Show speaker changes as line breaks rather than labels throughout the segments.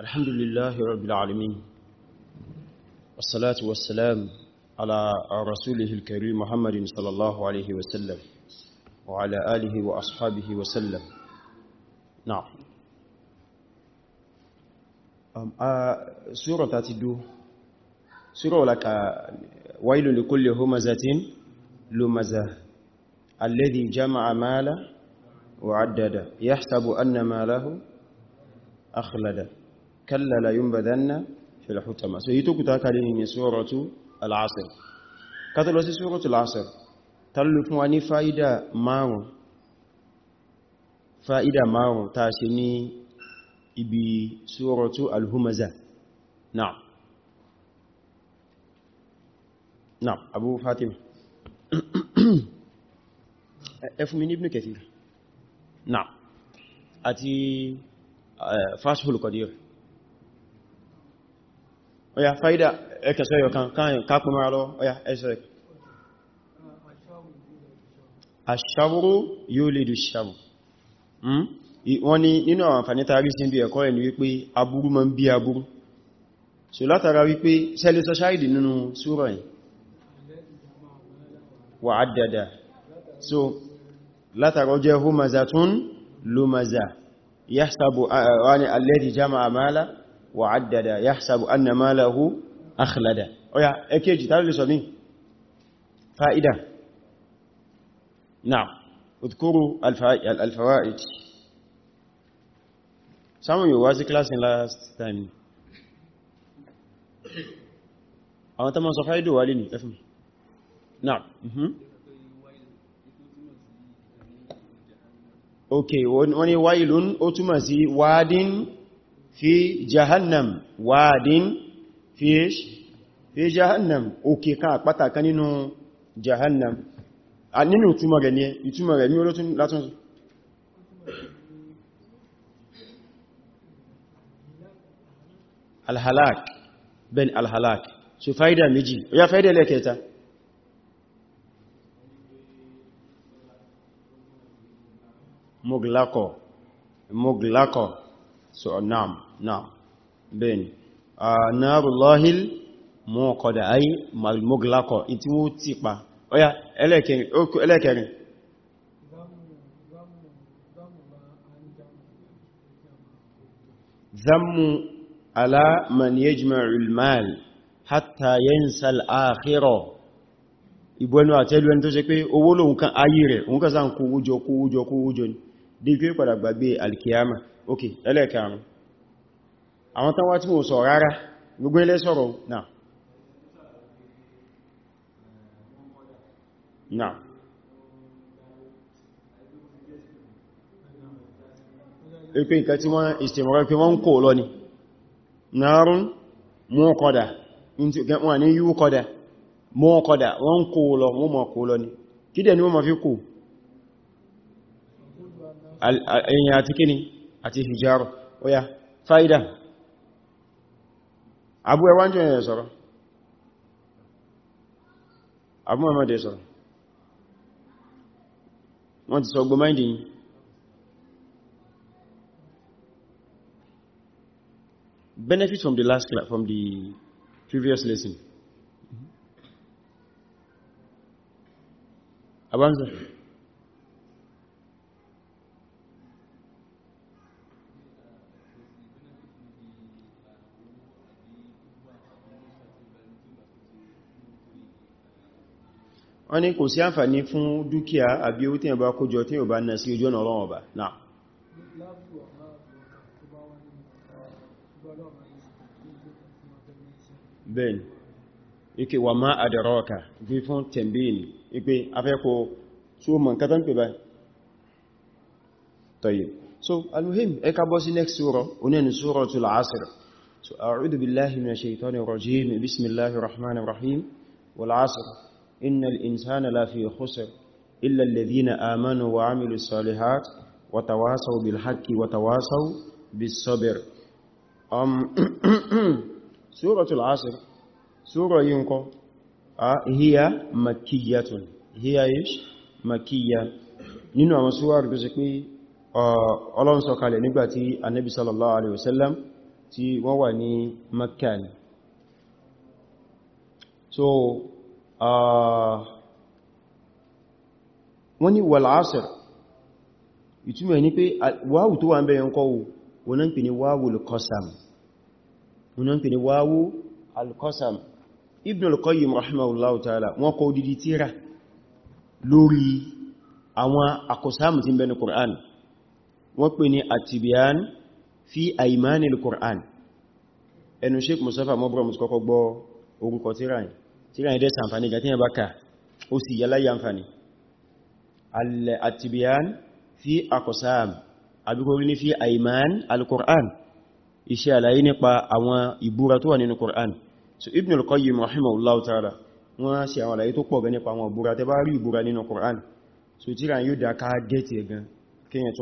الحمد لله رب العالمين والصلاة والسلام على رسوله الكريم محمد صلى الله عليه وسلم وعلى آله وأصحابه وسلم نعم آه، سورة تدو سورة لك ويل لكل همزة لمزة الذي جمع مالا وعدد يحسب أن ماله أخلده كلا لا ينبذن في الحطمة سيتوك تاكالي من سورة العصر كتلو سي سورة العصر تلو فواني فائدة مارو فائدة مارو تاسني ibi suratu al-humaza na'am na'am abu fatim efmin ibn kathir na'am àti eh, fashul qadir ọya fàídà ẹkẹsọ ẹyọ kan káàkùn mara lọ ọya ẹsọ ẹkẹ aṣàwòrò yóò lè dù ṣàwò wọ́n ni nínú àwọn àǹfàní tàbí sí ibi ẹ̀kọ́ ẹni wípé aburú ma ń bí aburú so látara wípé sẹ́lẹ̀ sọ́ṣáìdì nínú súrọ̀ yìí wà á dada so látara jẹ́ homazatun lomaza yahsabu alladhi jama'a mala وعدد يحسب أن ماله أخلد أويا أكيجي تعالوا لسومي فائدة نعم اذكروا الفوائد Some of you was the class in last time. Àwọn tó mọ́ sọ fáìdò wà lè ní ẹfún. Now, mhm. Okay, wọ́n ni wáìlún ó túmọ̀ sí wádín fi jahannam wadin fi fi jahannam òkè kan àpáta kan nínú jahannam a nínú ìtumọ̀ rẹ̀ ní ẹ ìtumọ̀ rẹ̀ ní olótún látún alhalak ben alhalak so fáídà méjì ó yá fáídà lẹ́kẹta muglakọ̀ muglakọ̀ so naam naam bẹ́ẹ̀ ni náàrù lọ́hìl mọ́kọ̀dà ayé mọ́glákọ̀ tí wó ti pa ọya ẹlẹ́kẹrin zammu ala man yajma'ul mal hatta yansa al-akhirah ìbọnú àtẹ́lú ẹni tó ṣe pé owó lóhun kan ayé rẹ̀ òun kásá ń kówójọ kówójọ kówójọ ní dí pé padà gbàgbé alkiyama ok àwọn tán wá tí mo sọ rárá gbogbo náà náà tí wọ́n ni náàrùn mọ́ kọ́dà wọ́n kọ́dà mọ́ kọ́dà ni kí dẹ̀ ni wọ́n fi kò èyàn àti hijaro oya faida. abu ẹwà jẹ́ ẹ̀yẹ sọ̀rọ̀ abu mọ́mọ́dé sọ̀rọ̀ wọ́n ti sọ gbọmáìdì yìí benefit from the last class from the previous lesson mm-hmm. abanza wọ́n ní kò sí àǹfàní fún dúkìá àbí owó tí ẹ̀bá kójọ tí ó bá ná sí ojú ọ̀nà ọlọ́run ọba náà bẹ́ẹ̀ni ike wà máa àdàrọ́ọ̀kà bí fún tẹ̀mbíìnì ipé afẹ́kọ́ tí ó mọ̀ nǹkan tán pè báyìí tọ́yìí so almuhim ẹ ká next sura onínu suratul asr so a'udhu billahi minash shaitani rajim bismillahir rahmanir rahim wal asr إن الإنسان لا في خسر إلا الذين آمنوا وعملوا الصالحات وتواصوا بالحق وتواصوا بالصبر أم سورة العصر سورة ينكو هي مكية هي إيش مكية nínú àwọn súwárù tó ṣe pé ọlọ́run النبي صلى الله عليه وسلم wasallam tí مكان. so wọ́n ní wàl'ásìr ìtumọ̀ ní pé wáwù tó wà ń bẹ̀yàn kọwù wọ́n náà ń pè ní wáwù al-qasam wọ́n ń pè ní wáwù al Ibn al-Qayyim rahimahullahu ta'ala wọ́n kọ odidi tírà lórí àwọn akọsáàmù tí ń bẹ ní Qur'an wọ́n pè ní at-Tibyan fi aymanil Qur'an ẹnu Sheikh tíra ẹ̀dẹ́ sàǹfàní gàtí ẹ̀ bá ká ó sì yẹ láyé àǹfàní al-atibiyan fi akọsáàm abikorí ní fi aiman al-qur'an iṣẹ́ àlàyé nípa àwọn ìbúra tó wà nínú qur'an so ibn al-qayyim rahimahullahu ta'ala wọ́n sì àwọn àlàyé tó pọ̀ gan nípa àwọn ìbúra tẹ́ bá rí so tíra yóò dá ká gẹ́ẹ̀tì ẹ̀gan kíyàn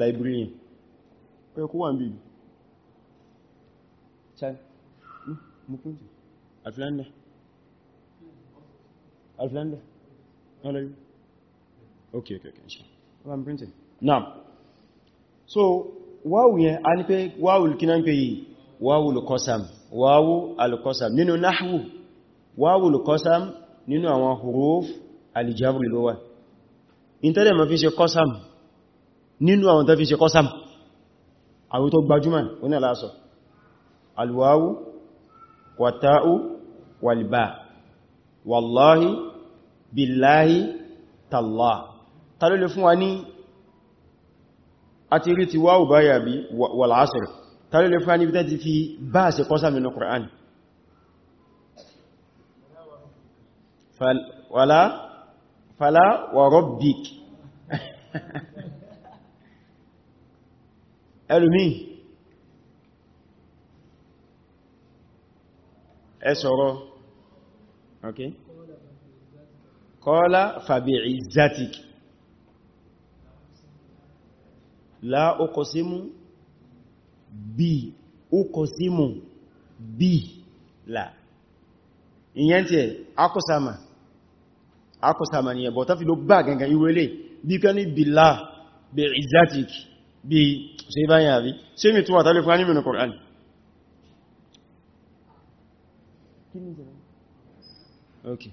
library kó wà ń bí i alfilanda ọlọ́rí okay okay okay ṣe ọba printing now so wáwù yẹn a ní pé wáwù kí náà ń pè yìí wáwù lùkọ́sàm wáwù alùkọ́sàm nínú náhwù wáwù lùkọ́sàm nínú àwọn huruf alìjábùrì ló wà ma fi ṣe kọ́sàm nínú àwọn tó fi ṣe kọ́sàm àwọn tó gbajúmọ̀ onílàásọ̀ alùwáwù wàtáù wàlìbáà wàláhí bíláhí tàlá ta ló lè fún wa ní àti rí ti wáwù báyà bí wàláásìrì ta ló lè fún wa ní bítẹ́ ti fi bá àṣẹ kọ́sà mínú Kùránì fàlá wà rọ́bìk ẹlùmí ẹ sọ̀rọ̀ okay kọ́lá fàbí'izzatik la uqsimu bí uqsimu bí la ìyẹn tí ẹ̀ akọ́sàmà akọ́sàmà ni ẹ̀bọ̀ tàbí ló bá gangan ìwé lè bí kan ní bílá bi'izzatik bí ṣe báyìí àbí ṣe mi túnwà tàbí fún ánìmìnà Kùránì okay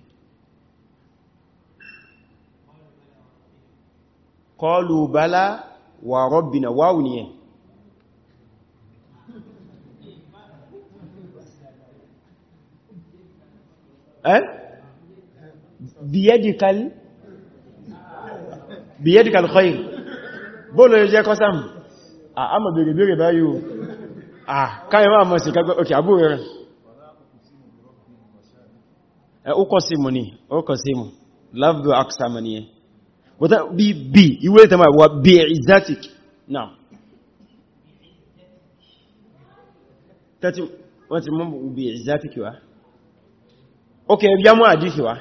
kọlu bala wà rọ́bìnà wáwù ní ẹ̀ ẹ́ biyadikal biyadikal khair bóòlò yóò jẹ́ kọ́sàmù àmà bèèrè bèèrè báyìí o à káyẹ̀wà mọ̀ sí kagbẹ́ òkè àbúrẹ̀ ó kọ́ sí mú ní Love kọ́ sí mú láàbù But ní be wọ́ta bí bí ìwé ìtàmà wà bí exotic náà wọ́n ti mú bí exotic wá ok ẹbíyá mú àdífì wá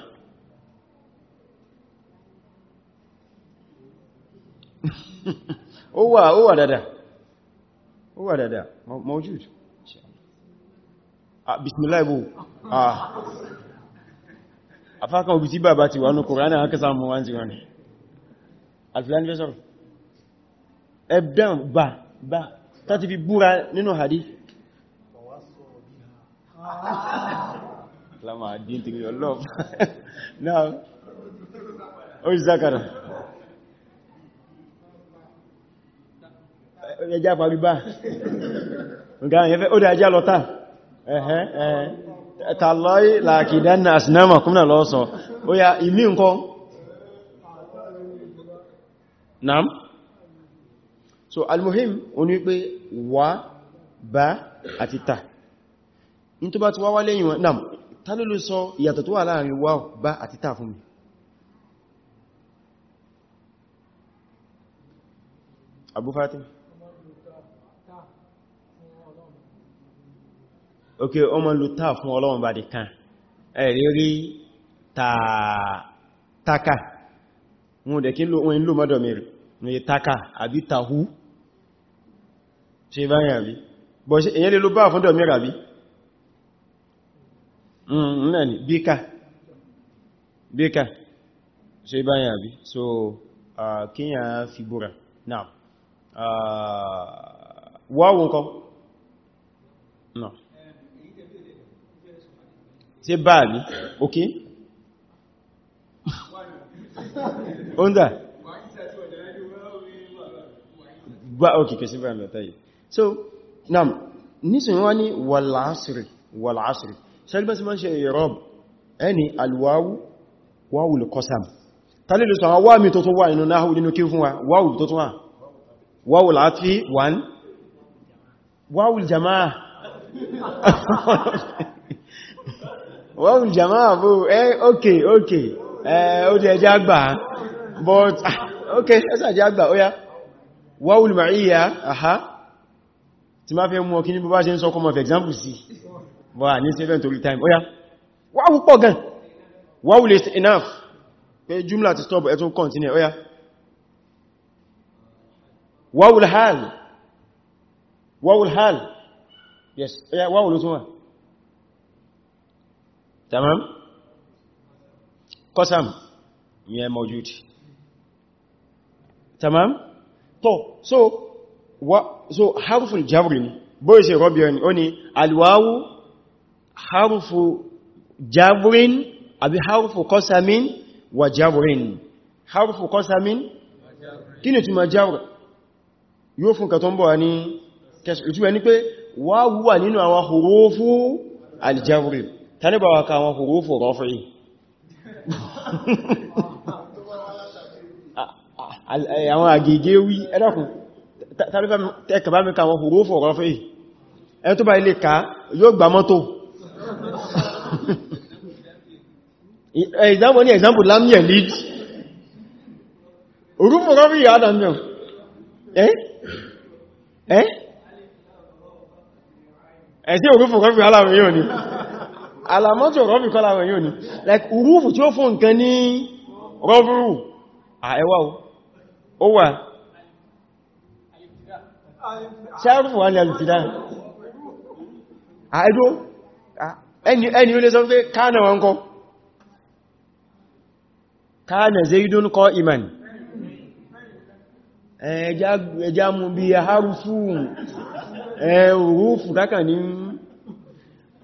ó wà ó wà dada ó wà dada mawjud ah, bismillah ibu ah afákan òbí tí bàbá ti wà ní kòránà akẹsà mọ̀ wá ti rọrùn alfilani fẹ́ sọ́rọ̀ ẹ̀bdán bà bà tàti fi búra nínú hadi lámà dín tí yọ lọ́f náà ó sì zákàrà ẹjá parí bá nǹkan ẹ̀fẹ́ ó dá ẹjá lọ́ta ẹ̀hẹ́ ẹ̀hẹ́ tàlọ́yí làkìdánà àsìnámà kúmnà lọ́sọ̀ ó yá ìmí nǹkan naam so almuhim o ní pé wà bá àti tà in tó bá ti wá wá lẹ́yìn wọn naam tàlúlù sọ ìyàtọ̀ tó wà láàrin wà bá àti tà fún mi Abu Fatim ok ọmọ lò táà fún ọlọ́run bá di kan ẹ̀rí rí tààkà wọn dẹ̀ kí wọ́n ń lò mọ́dọ̀ mẹ́rin ní tààkà àbí tàhú ṣe báyìí àbí bọ́ ṣe èyàn lè ló bá fún dọ̀mẹ́rin àbí mm, náà so kíyàn fi búra náà wáwùn kan ṣe báà ní okay oúnjẹ gbá okay kẹsí báà mẹ́ta yìí so now nísìn wọ́n ní wàlásìrì wàlásìrì ṣẹlẹ́gbẹ́ sí máa ń ṣe ìrọ́b ẹni alwáwú wáwù lè kọsàm tàbí lè sọ àwọn wáàmì tó tún wà inú náà nínú kí fún wa wáwù tó wọ́n jàmáà bó ẹ́ okay okay ẹ́ eh, ó jẹ́ ẹjá gbà but ah, okay ẹsà jẹ́ àgbà ó yá wọ́wùl ma'íyà àhá tí máa fẹ́ mú ọkí ní bó bá ṣe ń sọ kọmọ for example sí wà ní 7 torí time ó yá wáwù pọ̀ gan wáwùl is enough pé jùmlà ti stop ẹ̀tún continue ó yá wáwùl hal wáwùl hal yes ó yá wáwùl ó tún wà tamam qasam yẹn mawjud tamam to so wa so harful jabri ni bóyí ṣe rọ́bí ni ó ni alwawu harfu jabrin àbí harfu qasamin wa jabrin harfu qasamin kí ni túnmà jabr yóò fún katon bọ̀ ní kẹsìtú ẹni pé wáwú wà nínú àwọn hurufu aljabrin tàníbà wà ká àwọn hurufu rọ́fì àwọn àgègé wí ẹ́dàkùn tàbíbà tẹ́kà bá mi ká àwọn hurufu rọ́fì ẹ tó bá ilé ká yóò gbà mọ́tò example ní example lámìẹ̀ lead hurufu rọ́fì yà ádàmìọ̀ eh eh ẹ̀sí hurufu rọ́fì aláwọ̀ yóò alamọ́tò rọ́bì kọ́lá wọn yóò ní like urufu tí ó fún nǹkan ní rọ́bùrù àẹwà ó wà ṣárùfù wà ní alìtìdá àẹjọ́ ẹni ó lè sọ pé káànà wọn kọ́ káànà zaidun kọ́ iman ẹjá mú bí i harufu ẹ̀rùfù kákà ní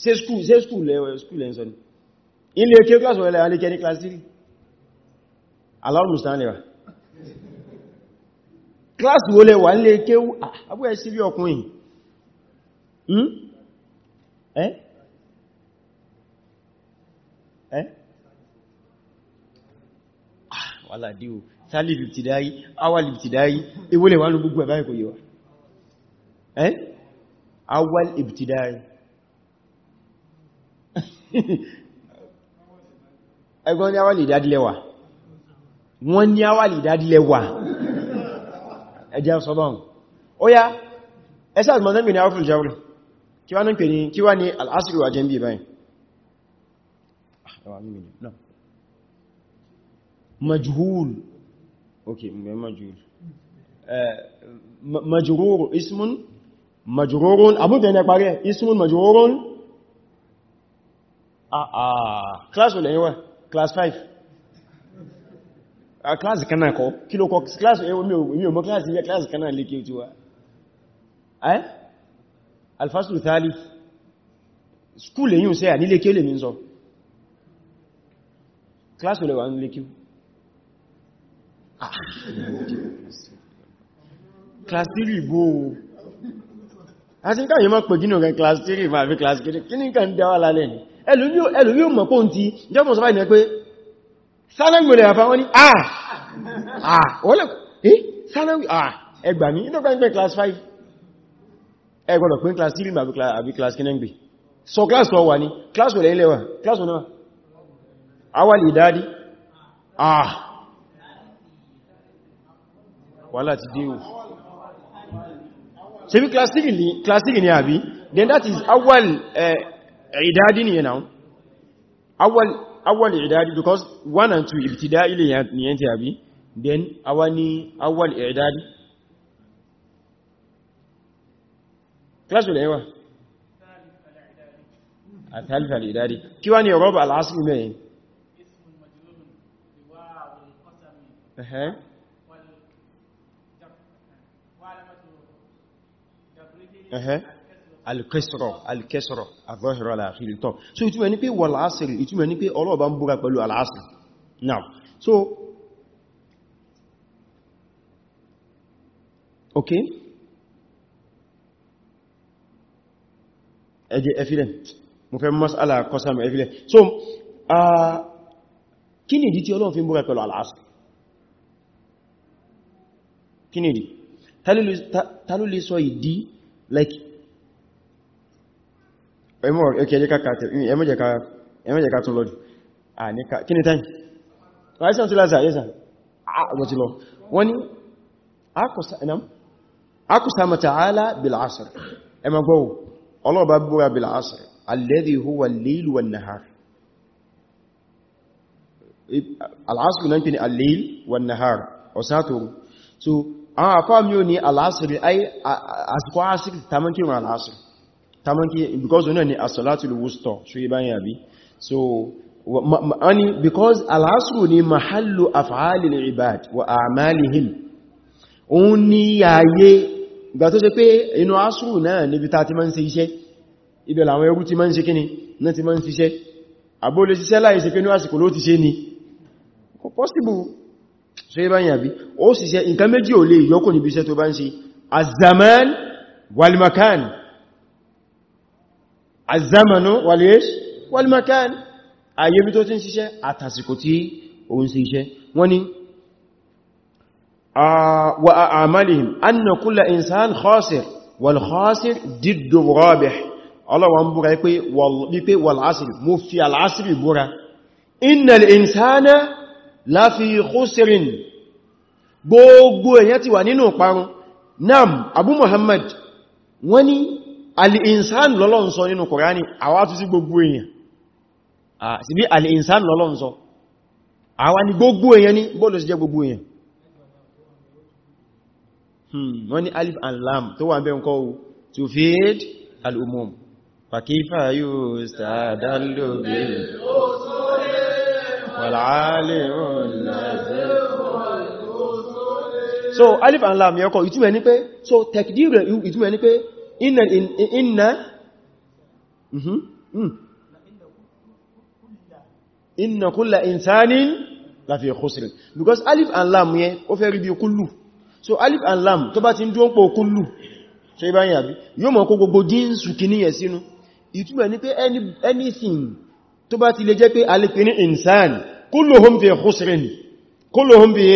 ṣe school, ṣe school, lẹ́wẹ̀ skúl lẹ́ sọ ilé kí class wọ́n lẹ́wẹ̀ alẹ́kẹ́ ní class 3 aláwọ̀ mustanira class wo lẹ́wà nílé kí abúrẹ́ ah, sí rí ọkùnrin hmm? ẹ́ ẹ́ ah, wàlá díò tálì lìbìtìdáyí awà lìbìtìdáyí ewó lẹ́wà ní gbogbo ẹ̀bá ẹ̀kọ́ yíwa ẹ́ awà lìbìtìdáyí ẹgbọ́n ní awàlì ìdádílẹ́wà wọ́n ní awàlì ìdádílẹ́wà ẹjẹ́ sọ́bọ̀n ó yá ẹsẹ́ àtìmọ̀tẹ́ mi ní awàfil jawri kí wá ní pè ní kí wá ní al'asiri wa jẹ́ ń bí báyìí ah, majhul okay majhul Ah, ah. class olè yíwá class five. 5 ah, class kan náà kọ́ kí ló kọ́ class eh, mi ò mọ́ class yíyá class kan náà lè kí o ti wá ẹ́ eh? alfasul thali school èyí sẹ́ à nílé kí o lè mi sọ class olè wà nílé kí o class 3 gbóò a ti ń káyẹ mọ́ pẹ̀gínú rẹ̀ class 3 ma fi class 3 kí ní kàn dáwà lálẹ́ ni ẹlùmí ò mọ̀ pọ́n ti jẹ́mọ̀ sọ́fà ìnà pé sanawi olè àfà wọ́n ní àà wọ́lẹ̀ eh sanawi àà ẹgbà ní ìdọ́gbà ń pẹ́ class 5 ẹgbọ́dọ̀ pín class 3 àbí class kinengbe so class tó wà class olè ilẹ̀ wà class olè wà awal idadi àà wàhálà ti dé ṣe bí class 3 ni àbí then that is awal eh, ìdádi nìyẹn náà awal ìdádi because one and two ìbìtìdá ilé nìyẹn tí àbí then awa ni awal ìdádi class wọlé ẹwà àtàlìfà ìdádi kí wá ní ọ̀rọ̀ bà lásìkò mẹ́rin Uh-huh alkẹsọ̀rọ̀ alkẹsọ̀rọ̀ àzọ́hìrọ̀ aláàkìrì tọ́ so ìtumọ̀ ní pé wal asri ìtumọ̀ ní pé ọlọ́ọ̀bá ń búra pẹ̀lú al now so okay ẹjẹ́ ẹfilẹ̀ mo fẹ́ mas'ala kọsàmù ẹfilẹ̀ so kí nìdí tí ọlọ́run fi ń búra pẹ̀lú al asri kí nìdí ta like ẹmọ́jẹ̀ ká tún lọ́dù kí ni táyì ráìsàn tí láti àyẹ́sà àjọ ti lọ wọ́n ni akùsàmà tààlà bìláàsìr ẹmọ gbọ́wọ́ ọlọ́ọ̀bá búra bìláàsìr alladhi huwa al-layl wan-nahar al-asr náà kìí al-layl wan-nahar ọ̀sátòrò so àwọn àfáàmí ò ní al-asr ay àsìkò asìkò tàmí al-asr tamanki because ona ni as-salatul wusta so iban yabi so ani because al-asr ni mahallu af'alil ibad wa a'malihim oni yaye gba tó ṣe pé inú asru náà níbi tá ti man ṣe iṣẹ́ ibẹ̀ làwọn ẹrú ti man ṣe kíni náà ti man ṣe iṣẹ́ abo lè ṣiṣẹ́ láì ṣe pé nu àsìkò ló ti ṣe ni kò possible so iban yabi ó sì ṣe nǹkan méjì ó lè yoko níbi iṣẹ́ tó bá ń ṣe az-zaman wal makan az-zamanu wal-yesh wal-makan ayé bí tó ti ń ṣiṣẹ́ àtàsìkò tí ó ń ṣiṣẹ́ wọ́n ni wa a'malihim anna kulla insan khasir wal khasir diddu rabih ọlọ́wọ́n búra wípé wal asr mo fi al asr búra innal insana láfi khusrin gbogbo èyàn ti wà nínú parun nam abu muhammad wani al'insan lọ́lọ́n sọ nínú kòránì àwa tún sí gbogbo èèyàn sí bí al'insan lọ́lọ́n sọ àwa ni gbogbo èèyàn ní bọ́ọ̀lù sí jẹ́ gbogbo èèyàn hmm, wọ́n ni alif and lam tó wà bẹ́ẹ̀ ǹkọ́ to feed al'umum fàkífà yóò stàdálò bèèrè so alif and lam yẹ́kọ̀ ìtumẹ̀ ní pé so tekdir ìtumẹ̀ ní pé inna inna mhm, mm. inna kulla insanin lafi khusr because alif and lam yẹn ó fẹ́ rí bí kullu so alif and lam tó bá tin duon po kullu so iba yin àbí yo mo kó gbogbo jinsu kini yẹn sínú ìtumọ̀ ni pé any anything tó bá ti lè jẹ́ pé alif ni insan kulluhum fi khusr kulluhum bi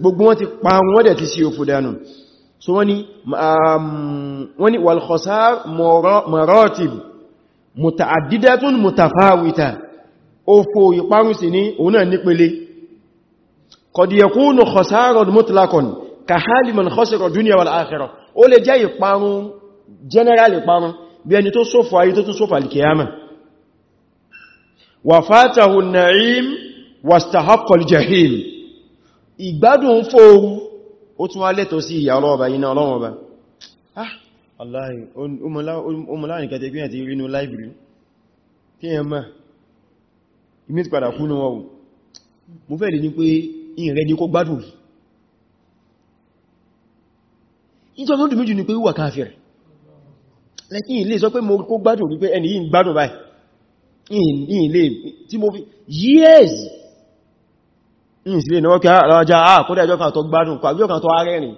gbogbo wọn ti pa wọ́n dẹ̀ ti sí òfò dànù so wani um, wani wal khasar maratib mutaaddidatun mutafawita òfò ìparun sí ni òun náà nípele qad yakunu khasaran mutlaqan ka hali man khasara dunya wal akhirah ó lè jẹ́ ìparun general ìparun bí ẹni tó ṣòfò ayé tó tún ṣòfò alkiyama wa fatahu naim wastahaqqa jahim ìgbádùn fóoru ó tún wá lẹ́tọ̀ sí ìyà ọlọ́ọ̀bá iná ọlọ́ọ̀bá ah aláì omọláàrin kẹta gbíyàn ti rínú láìbìrí kí ẹ máa imé ti padà kúnnú wọ́wọ́ mo fẹ́ lè ní pé ìyìn rẹ̀ ní kó gbádùn ìjọ mọ́dún ìsìlẹ̀ ní wọ́n kí ara ọjà àà kó dẹjọ́ kan tó gbádùn kó àgbíjọ́ kan tó ààrẹ rìn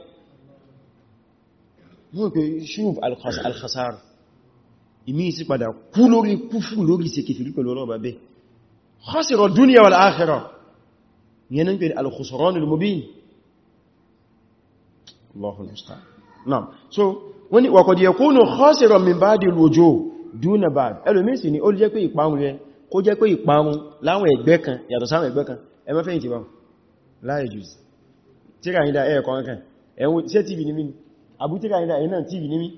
yóò pé ṣúf alkhasar ìmí sí padà kú lórí kúfù lórí sí kìfìrí pẹ̀lú ọlọ́ọ̀bà bẹ́ khasira dunya wal akhirah yẹn ń pè al-khusranul so wani wa qad yakunu khasiran min ba'di ba'd ẹlòmí sì ni ó jẹ́ pé ìparun yẹ kó jẹ́ pé ìparun láwọn láì jù tíra yìí dá ẹ̀ kọ̀ọ̀kan ẹ̀wọ̀n tí tv ní mí àbú tíra yìí dá ẹ̀ náà tv ní mí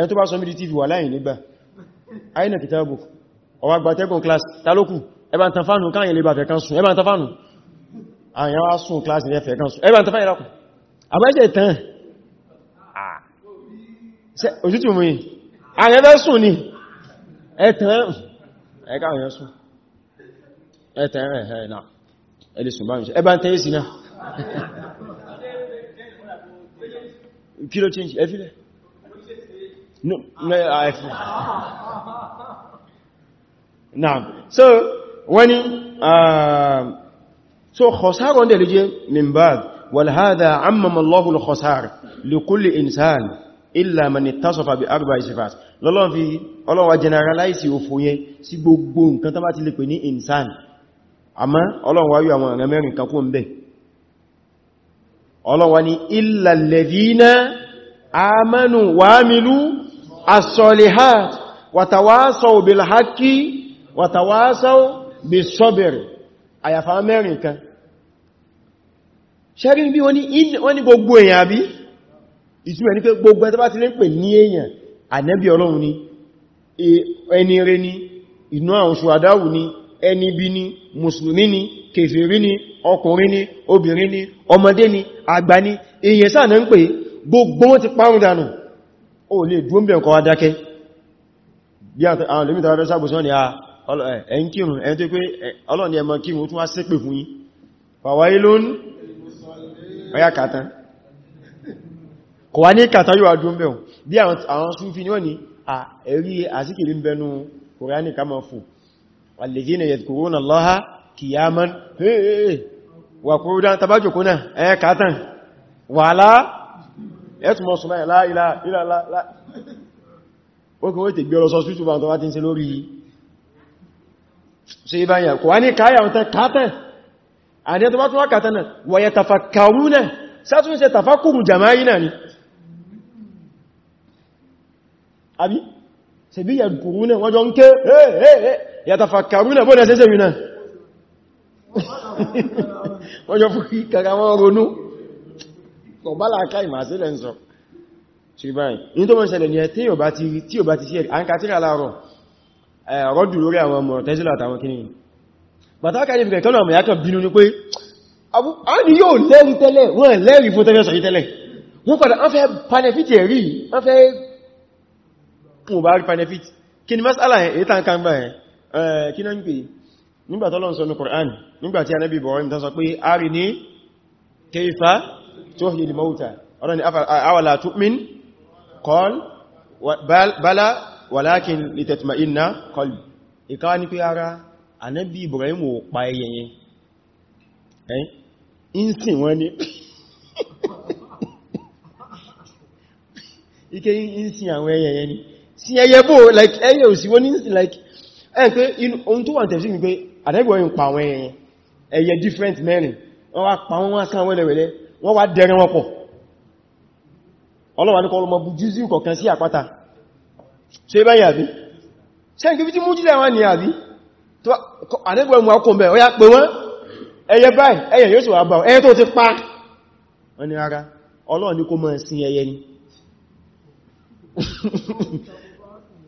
ẹ̀ tó bá sọ mídí tv wà láì nígbà àìnà kìtàbù ọwà gbàtẹ́gùn class tálókù ẹbà ń tan fánù káyẹ̀ lè bà fẹ́ kan sùn ẹbà class ní ẹfẹ́ kan sùn ẹbà ń tan fánù ìrákùn àbájẹ̀ tán òjútù mú ni ẹ̀tàn ẹ̀ká àyàn ẹlẹ́ sùnbáyìn ṣe ẹbá ń tẹ́yẹ sí náà kí ló change ẹfílẹ̀ no ẹfún náà so wọ́n ni um, so khosar wọ́n dẹ̀ lè jẹ́ mimbad walhada ammamallahu khosar likulli insan illa man ittasafa bi arba'i sifat lọ́lọ́n fi ọlọ́wà generalize òfò yẹn sí gbogbo nǹkan tó bá ti lè pè ní insan àmọ́ ọlọ́run wáyé àwọn ọ̀nà mẹ́rin kan kún bẹ́ ọlọ́run wá ní illa alladhina amanu wa amilu as-solihat wa tawasaw bil haqqi wa tawasaw bis sabr àyàfà mẹ́rin kan ṣẹ́rin bí wọ́n ní gbogbo èèyàn àbí ìtumẹ̀ ní pé gbogbo ẹ̀tọ́ ẹni bí ni mùsùlùmí ni kèfèrí ni ọkùnrin ni obìnrin ni ọmọdé ni àgbà ni èyàn sáà ń pè gbogbo wọn ti parun dànù ó lè dúró bẹ̀rẹ̀ kọ́ adákẹ́ bí àwọn olómìtà ọdọ́ sábòsán ni ah, ẹ̀yìn kírùn ẹ̀yìn tó pé ọlọ́ni ẹmọ kírùn ó tún ni ah, ẹ̀rí alladhina yadhkuruna allaha qiyaman wa qu'udan tabajukuna eh katan wala etmo suna la ila ila la la o ko te gbe lo so sutu ba tó bá tin ṣe lórí se ba ya ko ani kaya on ta katan ani tó bá tún katan yàtàfàkàrúnà bọ́nà ṣẹ́ṣẹ́ yìí náà wọ́n jọ fún kíkàrà wọn ronú ọ̀bálà aká ìmàsílẹ̀ ń sọ ṣìbáyìn ní tó mọ́ ṣẹlẹ̀ ní ẹ tí ò bá ti ṣe àǹkàtíra láàrọ̀ rọ́dù lórí àwọn ọmọ tẹ́sílà àtàwọn kìnnìyàn bàtàkà ní ìfẹ̀kẹ́ náà mẹ́yàkà bínú ní pé a ní yóò lẹ́rí tẹ́lẹ̀ wọ́n lẹ́rí fún tẹ́lẹ̀ sọ̀rí tẹ́lẹ̀ wọ́n padà wọ́n fẹ́ panefit ẹ̀rí wọ́n fẹ́ wọ́n bá rí panefit kí ni masala ẹ̀ ètà ń kàgbà ẹ̀ Eh, kí náà ń pè nígbàtí Ọlọ́run ní Qur'an nígbàtí anábì Ibrahim ta sọ pé ari ní kaifa tuhyi al-mauta ọ̀rọ̀ ni awala tu'min qal bala walakin litatma'inna qalbi ìkáwà ní pé ara anábì Ibrahim ò pa ẹyẹyẹ ń sìn wọ́n ní ike ń sìn àwọn ẹyẹyẹ ni sí ẹyẹ bó like ẹn pé ohun tó wà tẹ̀sí ní pé àdẹ́gbọ̀ yìí ń pa àwọn èèyàn ẹ̀yẹ different mẹ́rin wọ́n wá pa wọ́n sán wẹ́lẹ̀wẹ́lẹ́ wọ́n wá dẹ̀rẹ̀ wọn pọ̀ ọlọ́wà ní kọlọmọ bú jízí kọ̀kan sí àpáta ṣe báyìí àbí ṣe n kìí tí mú jílẹ̀ wọn ni àbí àdẹ́gbọ̀ yìí mú akọ̀ mẹ́ ọya pé wọ́n ẹyẹ báyìí ẹyẹ yóò sì wà bá ẹyẹ tó ti pa wọ́n ni rárá ọlọ́wà ní kó mọ́ sin ẹyẹ ni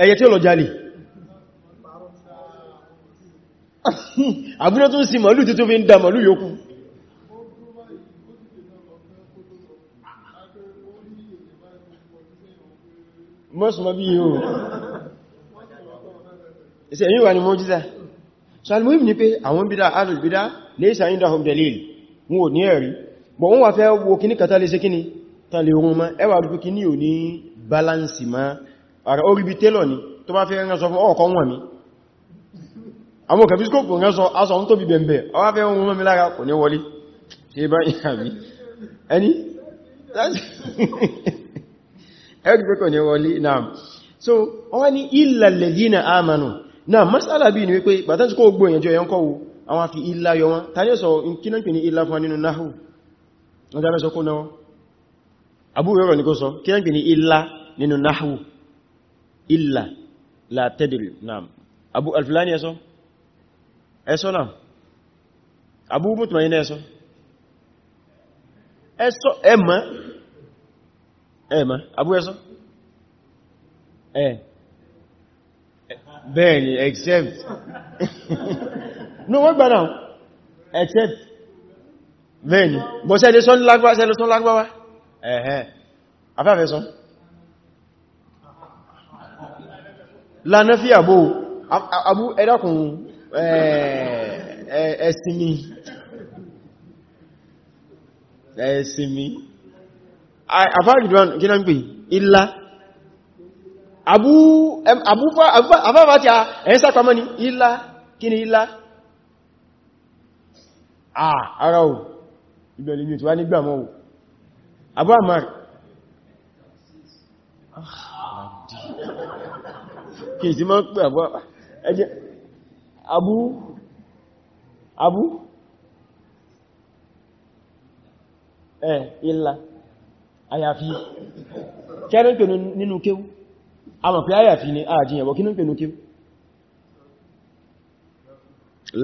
ẹyẹ tí ó lọ jalè àbúrò tó ń sin màálù tí tó fi ń da màálù yòókù mọ́sùnmọ́ bí yíò ìsẹ̀ yíò wà ní mọ́jíza salmoim ní pé àwọn bídá alùbídá lè sàyíndà hùn dalil wọn ò ní ẹ̀rí bọ̀ wọ́n wà fẹ́ wo kíní kàtà lè ṣe kíní tàlẹ̀ ohun ma ẹwà gbogbo kíní ò ní balansi ara oríbi télọ̀ ni tó bá fẹ́ rán sọ fún ọkọ̀ wọn mi àwọn kàbískòpù rán sọ aṣọ ń tóbi bẹ̀m̀bẹ̀ ọwá fẹ́ ohun mọ́ mi lára kò ní wọlé ṣe bá ìhàmí ẹni ẹgbẹ́ kò ní wọlé náà so ọwá ni illa alladhina amanu na masala bi ni wípé bàtán tí kò gbọ́ ìyànjọ ẹ̀yàn fi illa ta sọ illa sọ sọ illa illa la tadri naam abu alfilani ẹsọ́ ẹsọ́ náà abu mutmain ẹsọ́ ẹsọ́ ẹmọ́ ẹmọ́ abu ẹsọ́ ẹ eh. bẹ́ẹ̀ni except no wọ́n gbà náà except bẹ́ẹ̀ni bọ́sẹ́lẹ́sọ́ lágbàwá ẹ̀hẹ́ afẹ́fẹ́ sọ́ lánàfí àbò abú ẹ̀dàkùn ẹ̀ẹ̀ẹ̀ẹ̀sìmí ẹ̀ẹ̀sìmí àfáàgìdìwọ̀n kí náà ń pè ilá abú afáfà tí a ẹ̀yìn sápamọ́ ni ilá kí ni ilá ara o ìbẹ̀lẹ̀ mi ò tí wá nígbàmọ́ o abú àmàrì ah kí sí máa ń pè àbú ẹjẹ́ abú abú ẹ̀ ìlà àyàfi kẹ́rẹ́ ń pè nínú kéwú a mọ̀ pé àyàfi ni àjíyànwọ̀ kí ní pè nínú kéwú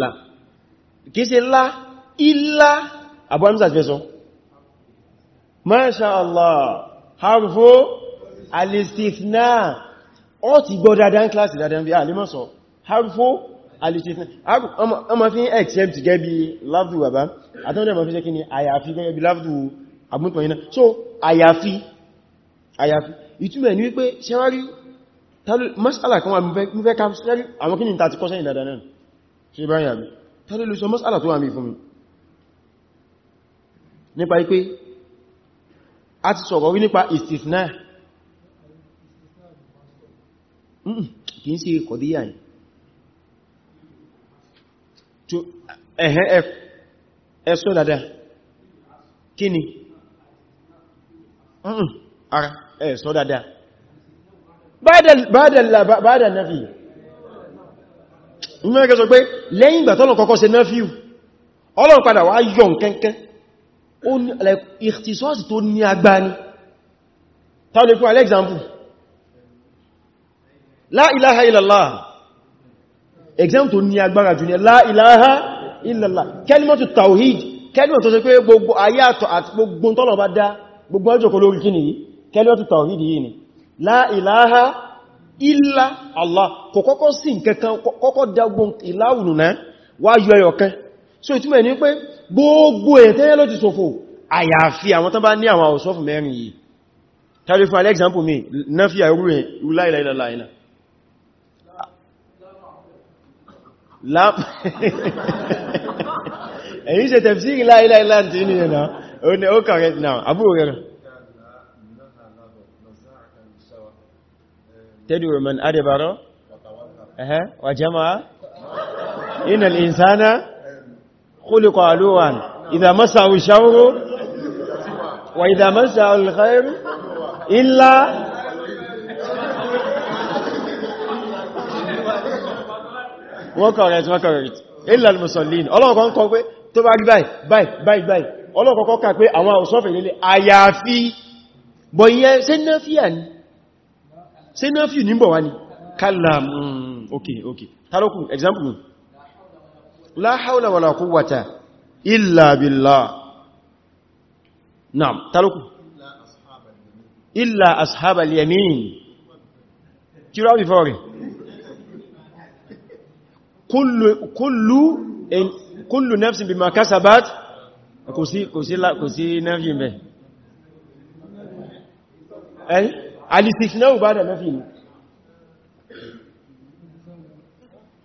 la kìí ṣe lá ìlà àbú àmìsà ti fẹ́ sọ Masha Allah ọ ti gbọ́ dáadáa ń kíláàsì dáadáa bí alìmọ́ sọ harfo alìtìtì ọmọ fi ń accept gẹ́ bí láàfù bàbá àtọ́dẹ̀ ma fi ṣe kí ni àyàfi gẹ́gẹ́ bí láàfù àbúntọ̀ iná so àyàfi àyàfi ìtumọ̀ ní wípé ṣẹ́wárí masala kan wà mú fẹ́ káfíṣẹ́rí àwọn kí ni ta ti kọ́ sẹ́yìn masala tó wà mí fún mi nípa wípé a ti sọ̀rọ̀ wí nípa istisna kìí sí kọ̀díyà yìí ẹ̀hẹ́ ẹ̀sọ́ dada kí ni ara ẹ̀sọ́ dada báadà náfí ìmọ́ ẹ̀kẹ́ sọ pé lẹ́yìn ìgbà tọ́lọ̀ kọ́kọ́ ṣe náfí ọlọ́run padà wá yọ nkẹ́kẹ́ ó ní ìtìsọ́sì tó ní agbá ní tàbí fún example la ilaha illallah exam tó ní agbára jù ní la ilaha illallah kalimatu tawhid kalimatu tó ṣe pé gbogbo ayato àti gbogbo tọ́lọ̀ bá dá gbogbo ọjọ́ kó lórí kíni yìí kalimatu tawhid yìí ni la ilaha illa allah kò kọ́kọ́ sí nǹkankan kọ́kọ́ dá gbogbo ìláwùnù náà wá yọ ẹyọkan so ìtumọ̀ ní pé gbogbo ẹ̀tẹ́yẹ ló ti ṣòfò àyàfi àwọn tán bá ní àwọn àwòsọ́fù mẹ́rin yìí tàbí fún alexander mi náà fi àìrú rẹ̀ láìláìláìláìláì لا اي جا تفسير لا اله الا انت هنا اوكي نعم ابو هريره تدعو من ادبر اها وجمع ان الانسان خلق علوا اذا مسه الشر واذا مسه الخير الا wọ́n correct wọ́n correct illal musallin Ọlọ́run kan kọ pé tó bá rí báyìí báyìí báyìí Ọlọ́run kan kọ kà pé àwọn àwòsọ́fẹ̀ lélẹ̀ àyàfi bọ̀ ìyẹn ṣe náfíà ni ṣe náfíù níbọ̀ wá ni kálàm mm, okay okay tarókù example la hawla wala quwwata illa billah naam tarókù illa ashabal yamin kí rọ́ Eh, kullu nafsin bima kasabat kò sí kò sí kò sí nafsin bẹ̀ ẹ́ eh, alistik náà bá dà nafsin ni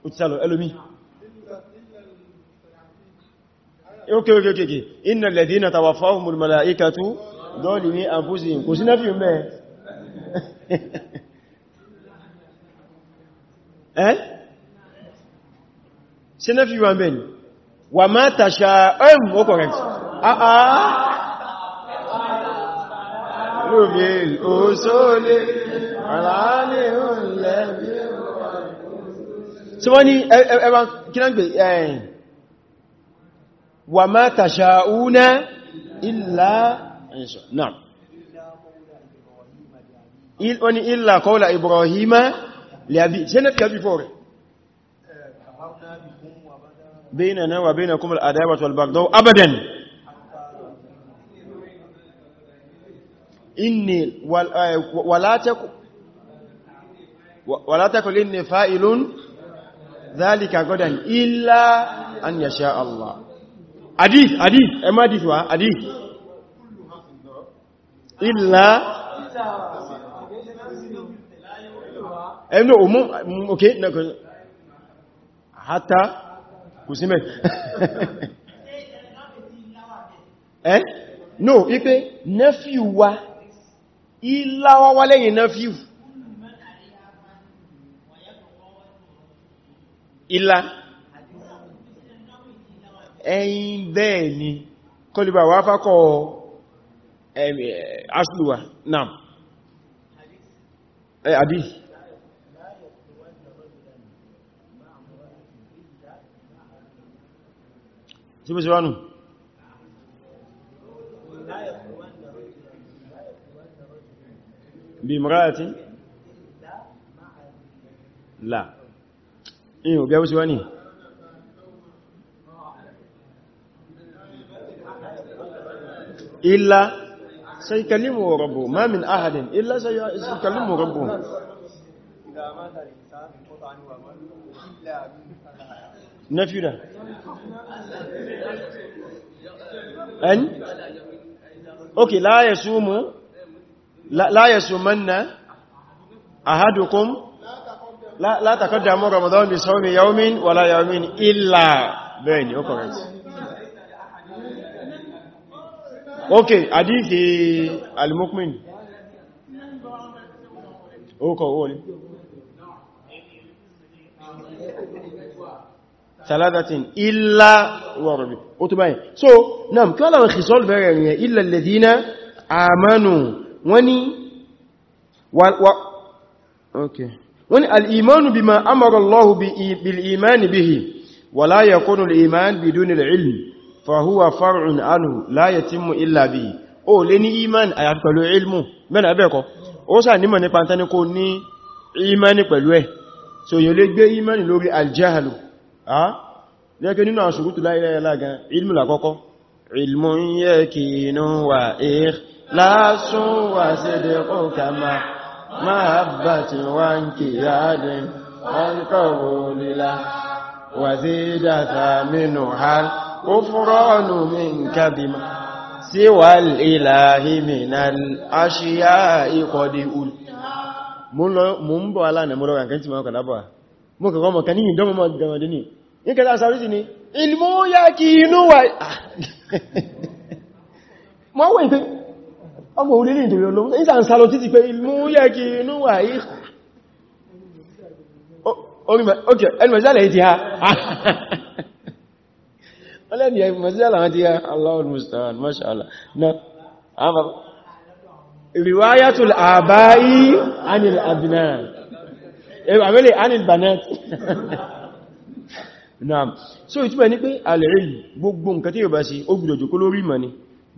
ó ti sálọ ẹlòmí ok ok ok innal ladhina tawaffahumul malaikatu zalimi anfusihim kò sí nafsin bẹ̀ ẹ́ eh? ṣe na fi wọn bẹ́ni wà má tàṣà ẹ̀m ó correct àà lóbi òsòlè aláàlè òlẹ̀ tí wọ́n ní ẹwà kínágbè ẹ̀yìn wà má tàṣà únà ìlà ẹ̀ṣọ́ náà ìlà kọ́ọ̀lá بيننا وبينكم الأداوة والبغضاء أبدا إني آه، ولا تكن ولا تقل إني فائل ذلك غدا إلا أن يشاء الله أديث أديث إيه أما أديث أديث إلا أنه أمو أوكي حتى kò sí mẹ́ ẹ́ eh? no ipé nephew wa ìláwọ́ wá lẹ́yìn nẹ́fíù ìlà ẹ̀yìn bẹ́ẹ̀ ni kọlùbà wá fákọ̀ asùlùwà náà ẹ̀ tí mo ṣe wánú bí mọ́ráyàtí là ìyìn òbí ẹwọ́ ṣe wá ní illa saykallimu rabbu ma min ahadin illa saykallimu rabbu إذا مات الإنسان انقطع عنه عمله إلا نفينا أن أوكي لا يسوم لا, لا يصومن أحدكم لا لا تقدم رمضان بصوم يوم ولا يومين إلا بين أوكي
أوكي حديث
المؤمن أوكي أوكي ثلاثة إلا وربي أتبعي so نعم كلا الخصال بغيرية إلا الذين آمنوا وني و... و... أوكي وني الإيمان بما أمر الله بالإيمان به ولا يكون الإيمان بدون العلم فهو فرع عنه لا يتم إلا به ó lè ní iman àyàfi pẹ̀lú ilmu mẹ́nà ẹbẹ́ẹ̀kọ́ ó sà nímọ̀ nípa tẹ́ni kó ní imani pẹ̀lú ẹ̀ so yóò lè gbé imani lórí aljahalu lẹ́kẹ́ nínú àṣùrútù láìláìlágan ilmù làkọ́kọ́ ilmù yẹ kì inú wà èèr lásún wà sídẹ̀ ọkà máa bá ti wá ń kì yáadẹ̀ wọ́n kọ̀wọ̀ lílá wà sí dáta mínú hal ó ń kábímá sí wà ìlàhí mìíràn aṣíyá ikọ̀ di mo kẹ̀kọ́ mọ̀ kan ní ìdánmọ́ mọ̀ gẹ̀rọ̀dé ní ìkẹta sàrísì ni ilmú yá kí inú wà mọ́ wọ́n ìpé ọmọ orílẹ̀ ìdòrí olóhun ní sàn sàlọ títí pé ilmú yá kí inú wà ìhà riwayatul abai anil abnan àwẹ́lẹ̀ eh, anil banet naam so ìtúbẹ̀ ní pé alẹ́rẹ̀lì gbogbo nǹkan tí yóò bá ṣe ó gbùdọ̀ jòkó lórí ìmọ̀ ni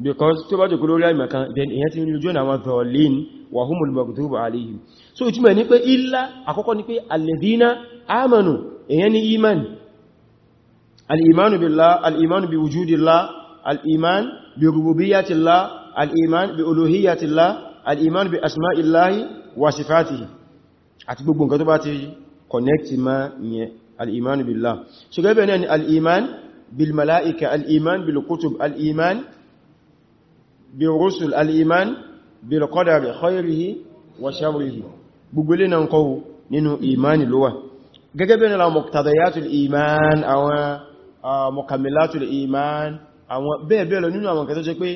because tí ó bá jòkó lórí àìmọ̀ kan then èyàn ti rí jọ́nà àwọn zọ̀ọ̀lẹ́n wà humul so ìtúbẹ̀ ní pé illa àkọ́kọ́ ní pé alladhina amanu èyàn ní iman al-imanu billah al-imanu bi wujudillah al-iman bi rububiyyatillah al-iman bi uluhiyyatillah wa sifatihi àti gbogbo nǹkan tó bá ti connect ma ìyẹn al'iman billah so gẹ́gẹ́ náà ni al'iman bil mala'ika al'iman bil kutub al'iman bil rusul al'iman bil qadari khairihi wa sharrihi gbogbo ilé na kọwọ nínú imani lówà gẹ́gẹ́ bẹ́ẹ̀ náà muqtadayatul iman àwọn mukammilatul iman àwọn bẹ́ẹ̀ bẹ́ẹ̀ lọ nínú àwọn nǹkan tó jẹ́ pé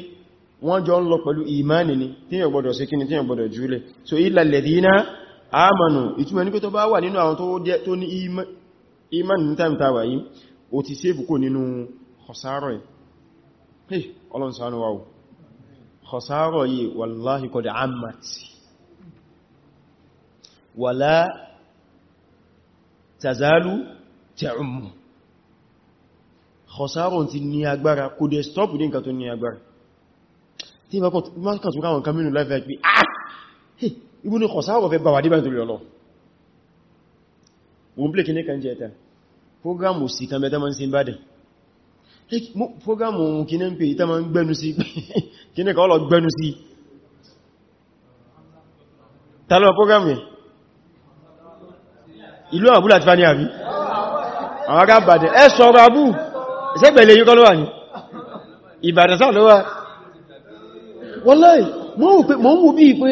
wọ́n jọ ń lọ pẹ̀lú imani ni tí gbọdọ̀ sí kí ni gbọdọ̀ jùlẹ̀ so illa àmànù ìtumọ̀ ní pé tó bá wà nínú àwọn tó ní iman ní time tàwà yìí o ti sèfù kò nínú khasarọ̀ yìí ọlọ́n sánú wáwù khasarọ̀ yìí wallahi qad ammat wala tazalu ta'ummu khasarọ̀ ti ní agbára kò dẹ̀ stop ní nǹkan tó ma kàn tó káwọn kamínú láfẹ́ ibu ni kọ̀sáwọ̀ fẹ́ bàwà díbà nítorí ọlọ́ wọ́n plé kí ní kan jẹ́ ẹ̀ta prógrámù sí kan mẹ́ta ma ń ṣe ń bádẹ̀ prógrámù kí ní ń pè ìta ma ń gbẹ́nu sí kí ní kan ọlọ gbẹ́nu sí tàlọ prógrámù yẹn ìlú àbúlà ti fani àbí àwọn ará bàdẹ̀ ẹ sọ̀rọ̀ abú ìṣẹ́gbẹ̀lẹ̀ yíkọ́ ló wà ní Ìbàdàn sáà ló wà wọ́n láì mọ́ wù bí i pé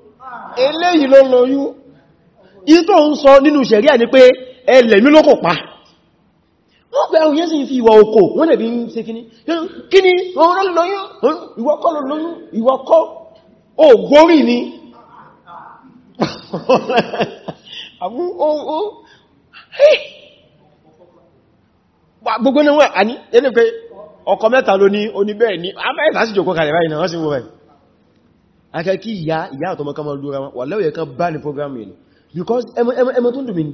eléyìí ló lóyún ìtò ń sọ nínú ṣẹ̀ríà ní pé ẹlẹ̀mí ló kò pa wọ́n pẹ̀ àwọn yẹ́sìn fi ìwà oko wọ́n lẹ̀bí ń ṣe kíní kíní wọ́n rọ́ lóyún ìwọ́kọ́ ló lóyún ìwọ́kọ́ ò górí ni gbogbo náà wà ní ẹni pé ọkọ mẹ́ta ló ní oníbẹ̀ẹ́ ní àmẹ́ ìfàsíjò kọkàlẹ̀ báyìí náà wọ́n sì wọ́n báyìí akẹ́kí ìyá ìyá àtọmọ kan mọ́ lóra wọn wà lẹ́wẹ̀ẹ́ kan bá ní program yìí because ẹmọ tó ń dùn mí ní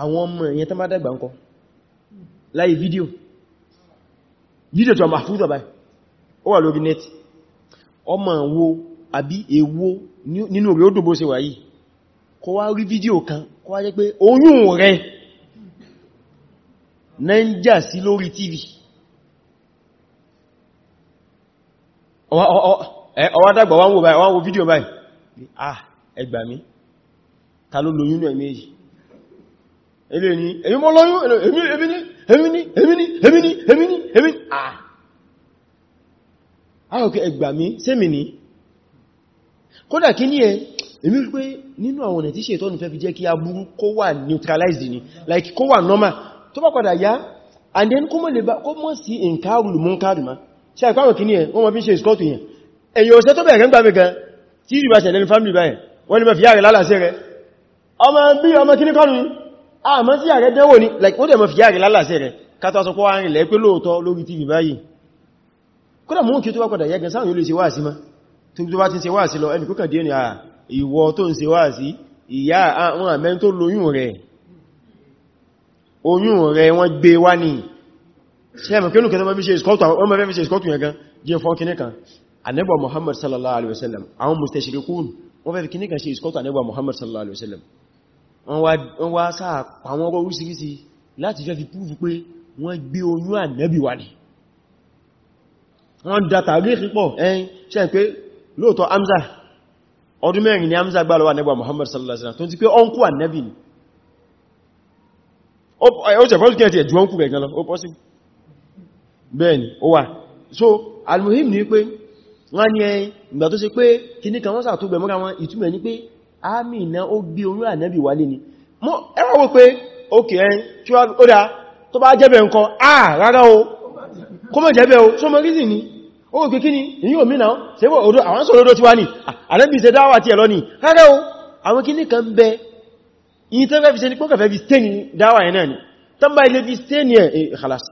àwọn ọmọ ìyẹn tó má dàgbà ńkọ́ láyé fídíò fídíò tó àmà fúrúdọ̀ báyìí ó wà lórí net ọmọ wo àbí èwo nínú rẹ̀ ó dùn bó ṣe wà yìí kó wá rí fídíò kan kó wá jẹ́ pé oyún rẹ̀ náà ń ọwá eh, dàgbà wọ́n wò báyìí wọ́n wò fídíò báyìí ah ẹ mi mí ta ló lóyún náà méjì ilé ní èmi mọ́ lóyún èmi ní èmi ní èmi ní èmi ní èmi ní èmi ní ah ok ẹ mi mí sẹ́mì ní kódà kí ní ẹ èmi rí pé nínú àwọn ọ̀nà tí ṣètọ́nù fẹ́ fi jẹ́ kí aburú like kó normal tó bá padà and then kó mọ́ sí ìǹkárùlù mọ́ ń kárùmá ṣe àpáwọn kí ní ẹ wọ́n èyí ò ṣe tó bẹ̀rẹ̀ ń gbàmì kan tí ìrù bá ṣẹlẹ̀ ní fámìlì báyìí wọ́n ni mọ̀ fi yà rẹ̀ lálàsẹ́ rẹ̀ ọmọ bí ọmọ kí ní kọ́nù àmọ́ sí ààrẹ dẹ́wò ní like ó dẹ̀ mọ̀ fi yà rẹ̀ lálàsẹ́ rẹ̀ kátọ́ sọ pọ́wàá rìn lẹ́ pé lóòótọ́ lórí tv báyìí kódà mú kí tó wákọ̀dà yẹ́gẹ̀ sáwọn yóò lè ṣe wáàsí mọ́ tó bí tó bá ti ṣe wáàsí lọ ẹni kó kàn dé ní àà ìwọ tó ń ṣe wáàsí ìyá àwọn àmẹ́ tó lóyún rẹ̀ oyún rẹ̀ wọ́n gbé wá ní ṣẹ́mù kí anẹ́bà muhammad sallallahu alaihi wasallam àwọn mustashirikun wọ́n fẹ́ fi kíní kan ṣe ìskọ́tọ̀ anẹ́bà muhammad sallallahu alaihi wasallam wọ́n wá sáà àwọn ọrọ̀ orísìírísìí láti fẹ́ fi púrùfù pé wọ́n gbé oyún ànẹ́bì wà ní wọ́n da tàríkì pọ̀ ẹ̀yìn ṣe pé lóòtọ́ amza ọdún mẹ́rin ni amza gbà lọ́wọ́ anẹ́bà muhammad sallallahu alaihi wasallam tó ti pé ọkù ànẹ́bì ni ó tẹ̀ fọ́sùn kẹ́ẹ̀tì ẹ̀jú ọkù rẹ̀ gan lọ ó pọ́sí bẹ́ẹ̀ ni ó wà so almuhim ni pé wọ́n ní ẹyìn ìgbà tó ṣe pé kìní kan wọ́n sà tó gbẹ̀mọ́ra wọn ìtumọ̀ ní pé àmìnà ó gbé orí ànábì wálé ni mọ́ ẹwà wó pé ókè ẹyìn tí ó dá tó bá jẹ́bẹ̀ nǹkan àà o kó mọ̀ jẹ́bẹ̀ o só mọ́ ni ó wò pé kíní èyí ò mìnà sẹ́wọ̀ odó àwọn sọ o àwọn kíní kan bẹ ìyí tẹ́fẹ́ fi ṣe ní pọ́kàfẹ́ fi stay ni eh, khalas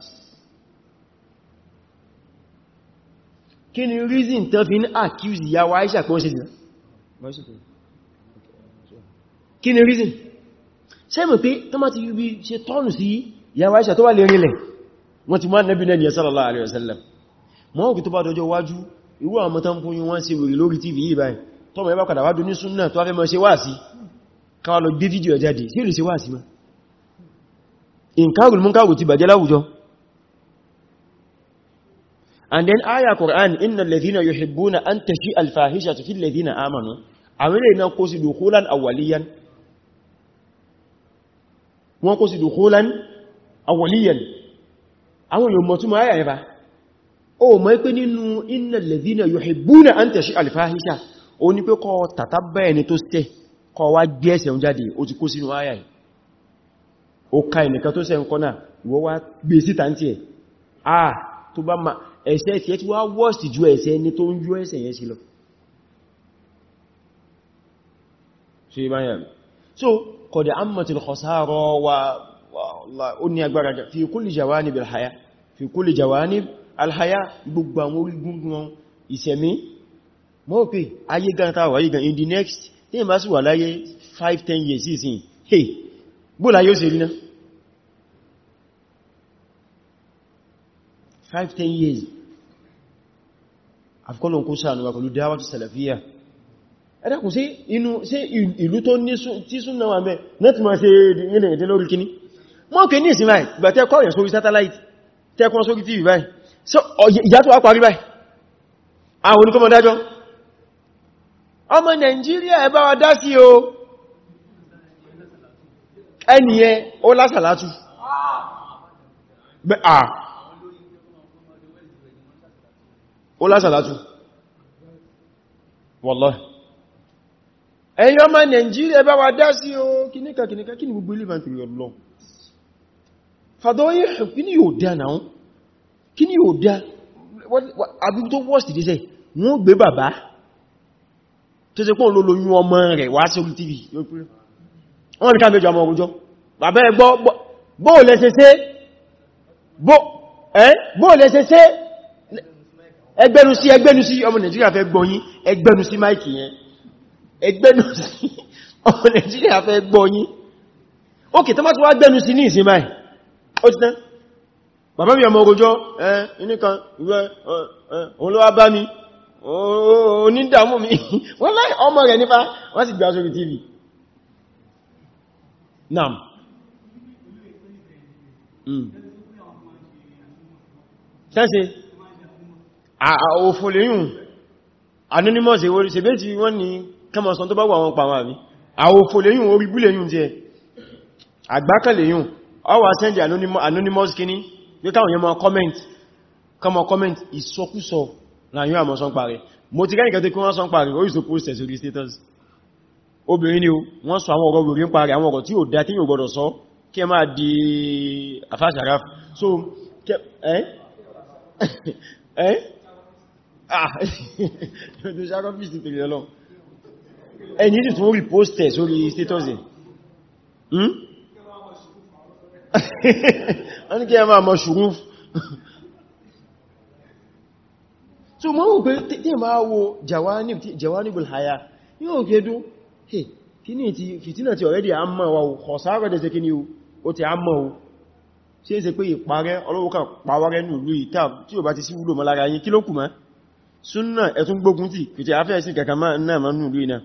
kí ni reason tán fi ń accuse ìyàwó Aisha pé ṣe zina kí ni reason sẹ́mù pé tó má ti yú bí ṣe tọ́nù sí ìyàwó Aisha tó wà lè rílẹ̀ wọ́n ti máa nẹ́bí náà ni sallallahu wasallam mọ́ọ̀kì tó bá dọjọ́ wájú irú àwọn tán fún yíwọ́n sí wèrè lórí tv yìí báyìí tọ́mọ̀ ẹbá padà wádùn ní súnnà tó wáfẹ́ mọ́ ṣe ma in kárùn-ún kárùn-ún and then aya Quran innal ladhina yuhibbuna an tashi al fahishatu fil ladhina amanu awele na kò sí dukhulan awwaliyan wọ́n kò sí dukhulan awwaliyan àwọn yo mo tun ma aya ba ó mọ̀ pé nínú innal ladhina yuhibbuna an tashi al fahisha ó ní pé tatabba ẹni tó ṣe kó wá gbé ẹsẹ̀ un jáde ó ti kó sínú aya yìí ó ka ẹnìkan tó ṣe nǹkan náà ìwọ wá gbé síta nti e ah tó bá ma ẹ̀ṣẹ̀ tí ẹ ti wá worst ju ẹ̀ṣẹ̀ ẹni tó ń yọ ẹ̀ṣẹ̀ yẹn sí lọ ṣe báyàn so kọ̀dẹ̀ ammatil khasara wa ó ní agbára fi kulli jawanib alhaya fi kulli jawanib alhaya gbogbo àwọn orígungun wọn ìṣẹ̀mí mọ́ pé ayé gan ta wà yí gan in the next tí ìbá sì wà láyé 5-10 years ìsìn hey bóòlá yóò ṣe rí 5-10 years àfikọ́lọ̀ kó sáà níwà pẹ̀lú dáwàtí sàlàfíyà ẹ̀dàkùn sí inú sí ìlú tó ní tí súnnà wà mẹ́ láti máa ṣe ìrìnlẹ̀ èdè lórí kíní wọ́n kè ní ìsinmi ìgbà tẹ́kọ́ yẹ̀ so ìyá tó wá parí báyìí àwọn oníkọ́mọ dájọ́ ọmọ nàìjíríà ẹ bá wa dá sí o ó lásàlátù wallahi ẹ̀yin ọmọ Nàìjíríà bá wa dá sí o kìníkà kìníkà kí ni gbogbo ilé bá ń tèrè ọlọ́ fàdọ́yìn kí ni yóò dá náà kí ni yóò dá àbí tó wọ́sì díṣẹ́ wọ́n gbé bàbá tó ṣe pọ́n lóyún ọmọ rẹ̀ wá sórí tv wọ́n rí ká méjọ ọmọ ọgbọ́jọ́ bàbá ẹgbọ́ bóò lẹ́sẹsẹ́ ẹgbẹ́nu sí ẹgbẹ́nu sí ọmọ Nàìjíríà fẹ́ gbọ́yín ẹgbẹ́nu sí máìkì yẹn ẹgbẹ́nu sí ọmọ Nàìjíríà fẹ́ gbọ́yín ókè tó má tó wá gbẹ́nu sí ní ìsinmi ó ti tán bàbá mi ọmọ ogójọ́ ẹ́ inúkan ìwẹ́ òun ló wá bá mi onídàmú mi wọ́n láì ọmọ rẹ̀ nípa wọ́n sì gbà sórí TV nam sẹ́sìn òfò lèyùn anonymous èwòrí ṣe bẹ́ẹ̀ tí wọ́n ni kẹmọ̀sán tó bá wà wọn pàwọn àbí àwòfò lèyùn orí bú lèyùn jẹ ọwà sẹ́ndì anonymous kíní ní káwọn yẹmọ comment kọmọ comment ìsọkúsọ láyún àmọ́ sán parí mo ti gáyìn kẹtẹ́ kí wọ́n sán parí status obìnrin ni wọ́n sọ àwọn ọ̀rọ̀ orí ń parí àwọn ọ̀rọ̀ tí ò dá tí yóò gbọdọ̀ sọ so eh eh ọdún ṣàkọ́fíìsì pèrè ọlọ́ ẹni sì tún rí póstẹ̀ sórí status wọ́n ní kí ẹ máa mọ̀ ṣùgbọ́n so mọ́ wọ́n pé tí máa wo jawanibul haya yóò kédú hey kí ní ti fìtínà ti already a mọ̀ wa ọ̀sára dẹ̀ kí ni o ti a mọ̀ o ṣe é ṣe pé ìparẹ́ ọlọ́wọ́kà pàwárẹ́ nù lú ìta tí ò bá ti sí wúlò mọ́ lára yín kí ló kù mọ́ súnnà ẹ̀tún gbógun tí kìtì afẹ́ sí kàkà náà ma nù lóìna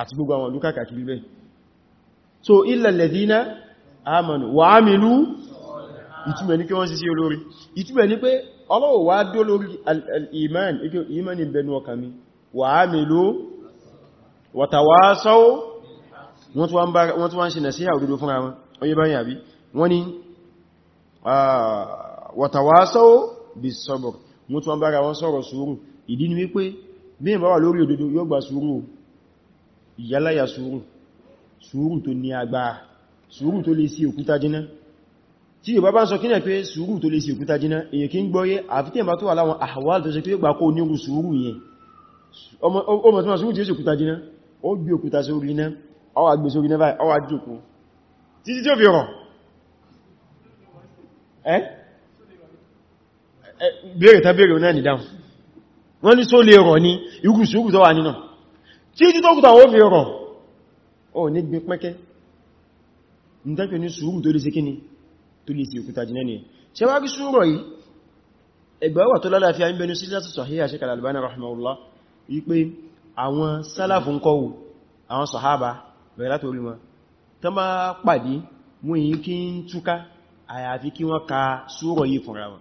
àti gbogbo àwọn olùkà kàkiri bẹ́ so illa alladhina amanu wa amilu ìtumẹ̀ ní kí wọ́n sí sí olórí ìtumẹ̀ ní pé ọlọ́wọ̀ wá dó lórí al-iman ikú iman ìbẹnu ọkàmi wa amilu wa tawasaw wọ́n tún wá ń ṣe nà sí àwòdòdó fúnra wọn oye báyìí àbí wọ́n ni ah, wa tawasaw bis sabr mú tí wọ́n bára wọn sọ̀rọ̀ sùúrù ìdí ni wípé bí ìbá wà lórí òdodo yóò gba sùúrù ìyáláyà sùúrù sùúrù tó ní agbára sùúrù tó lè sí òkúta jiná tí Yorùbá bá ń sọ kílẹ̀ pé sùúrù tó lè sí òkúta jiná èyàn kí ń gbọ́yé àfi tí ìbá tó wà láwọn àwàl tó ṣe pé gbà kó onírú sùúrù bèèrè tàbèèrè náà ní dáhùn wọ́n ní só lè rọ̀ ní irúsùúrù tó wà nínà tí ó tó kùtà ó fi rọ̀ ó ní gbé pẹ́kẹ́ ní tẹ́kẹ́ ní sùúrù tó lè ṣe kíni tó lè ṣe òkúta jìnà ni ṣe wá rí sùúrù yìí ẹgbẹ̀wà tó lálàáfíà ń bẹnu sílẹ̀sù sàhíyà ka sùúrù yìí fúnra wọn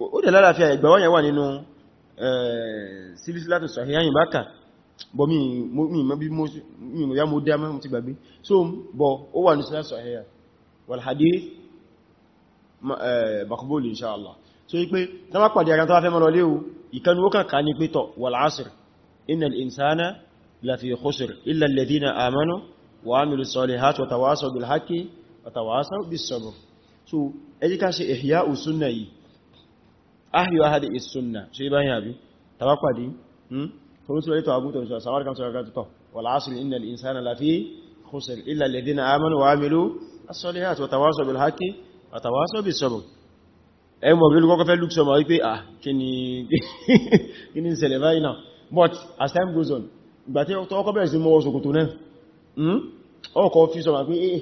ó dẹ̀ lálàáfíà ẹgbẹ̀wọ́ yẹn wà nínú sílísílátù sàhíyáyìn bákà bọ́ mi mọ̀ ya mo dá mọ́ ti gbàgbé so bọ́ ó wà ní sílísílátù sàhíyá wal hadith makbul inṣáàlá so yí pé tán bá pàdé ara tó wá fẹ́ mọ́ lọlé o ìkanu ó kàn ká ní pétọ̀ wal asr innal insana lafi khusr illa alladhina amanu yìí ahyo ahadi isunna ṣe bá yà bí tàbápàdé kòrò hmm? tí wọ́n lítọ̀ agútọ̀ ìṣọ́ sàwárí kan sọ́rọ̀ gàtọ̀ wal asri innal insana lafi khusr illa alladhina amanu wa amilu as-salihat wa tawasaw bil haqqi wa tawasaw bis sabr ẹ mọ̀ bí olùkọ́kọ́ fẹ́ lùk sọmọ̀ wípé ah kí ni ṣẹlẹ̀ báyìí náà but as time goes on ìgbà tí ọkọ̀ bẹ̀rẹ̀ sí mọ́ ṣòkòtò náà hmm? ọkọ̀ fi sọmọ̀ pé eh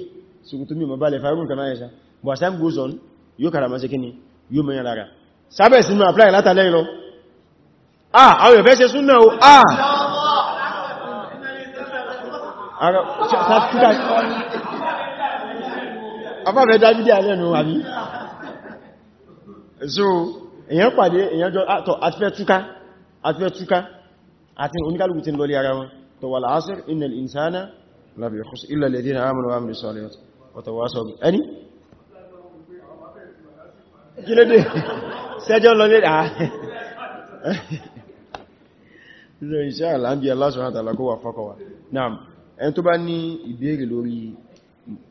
ṣòkòtò mi mọ̀ balẹ̀ fárún kan náà but as time goes on yóò kàrà máa ṣe kí ni yóò mẹ́yàn sábẹ̀ sínú apply látàlẹ́ lọ ah àwọn èèyàn fẹ́ ṣe súnnà o ah afẹ́fẹ́ dávidé alẹ́nu àbí so èèyàn pàdé èèyàn jọ àtọ̀ àtifẹ́ túká àtifẹ́ túká àti oníkálùkù ti lọlé ara wọn tó wà láásìr innal insana labi khusr illa alladhina amanu wa amilu salihati wa tawasaw ẹni kí ló dé sẹ́jọ́ lọ lé àà ìrìn iṣẹ́ àlàábí aláṣọ́ àtàlàkó wà fọ́kọ̀wà náà ẹni tó bá ní ìbéèrè lórí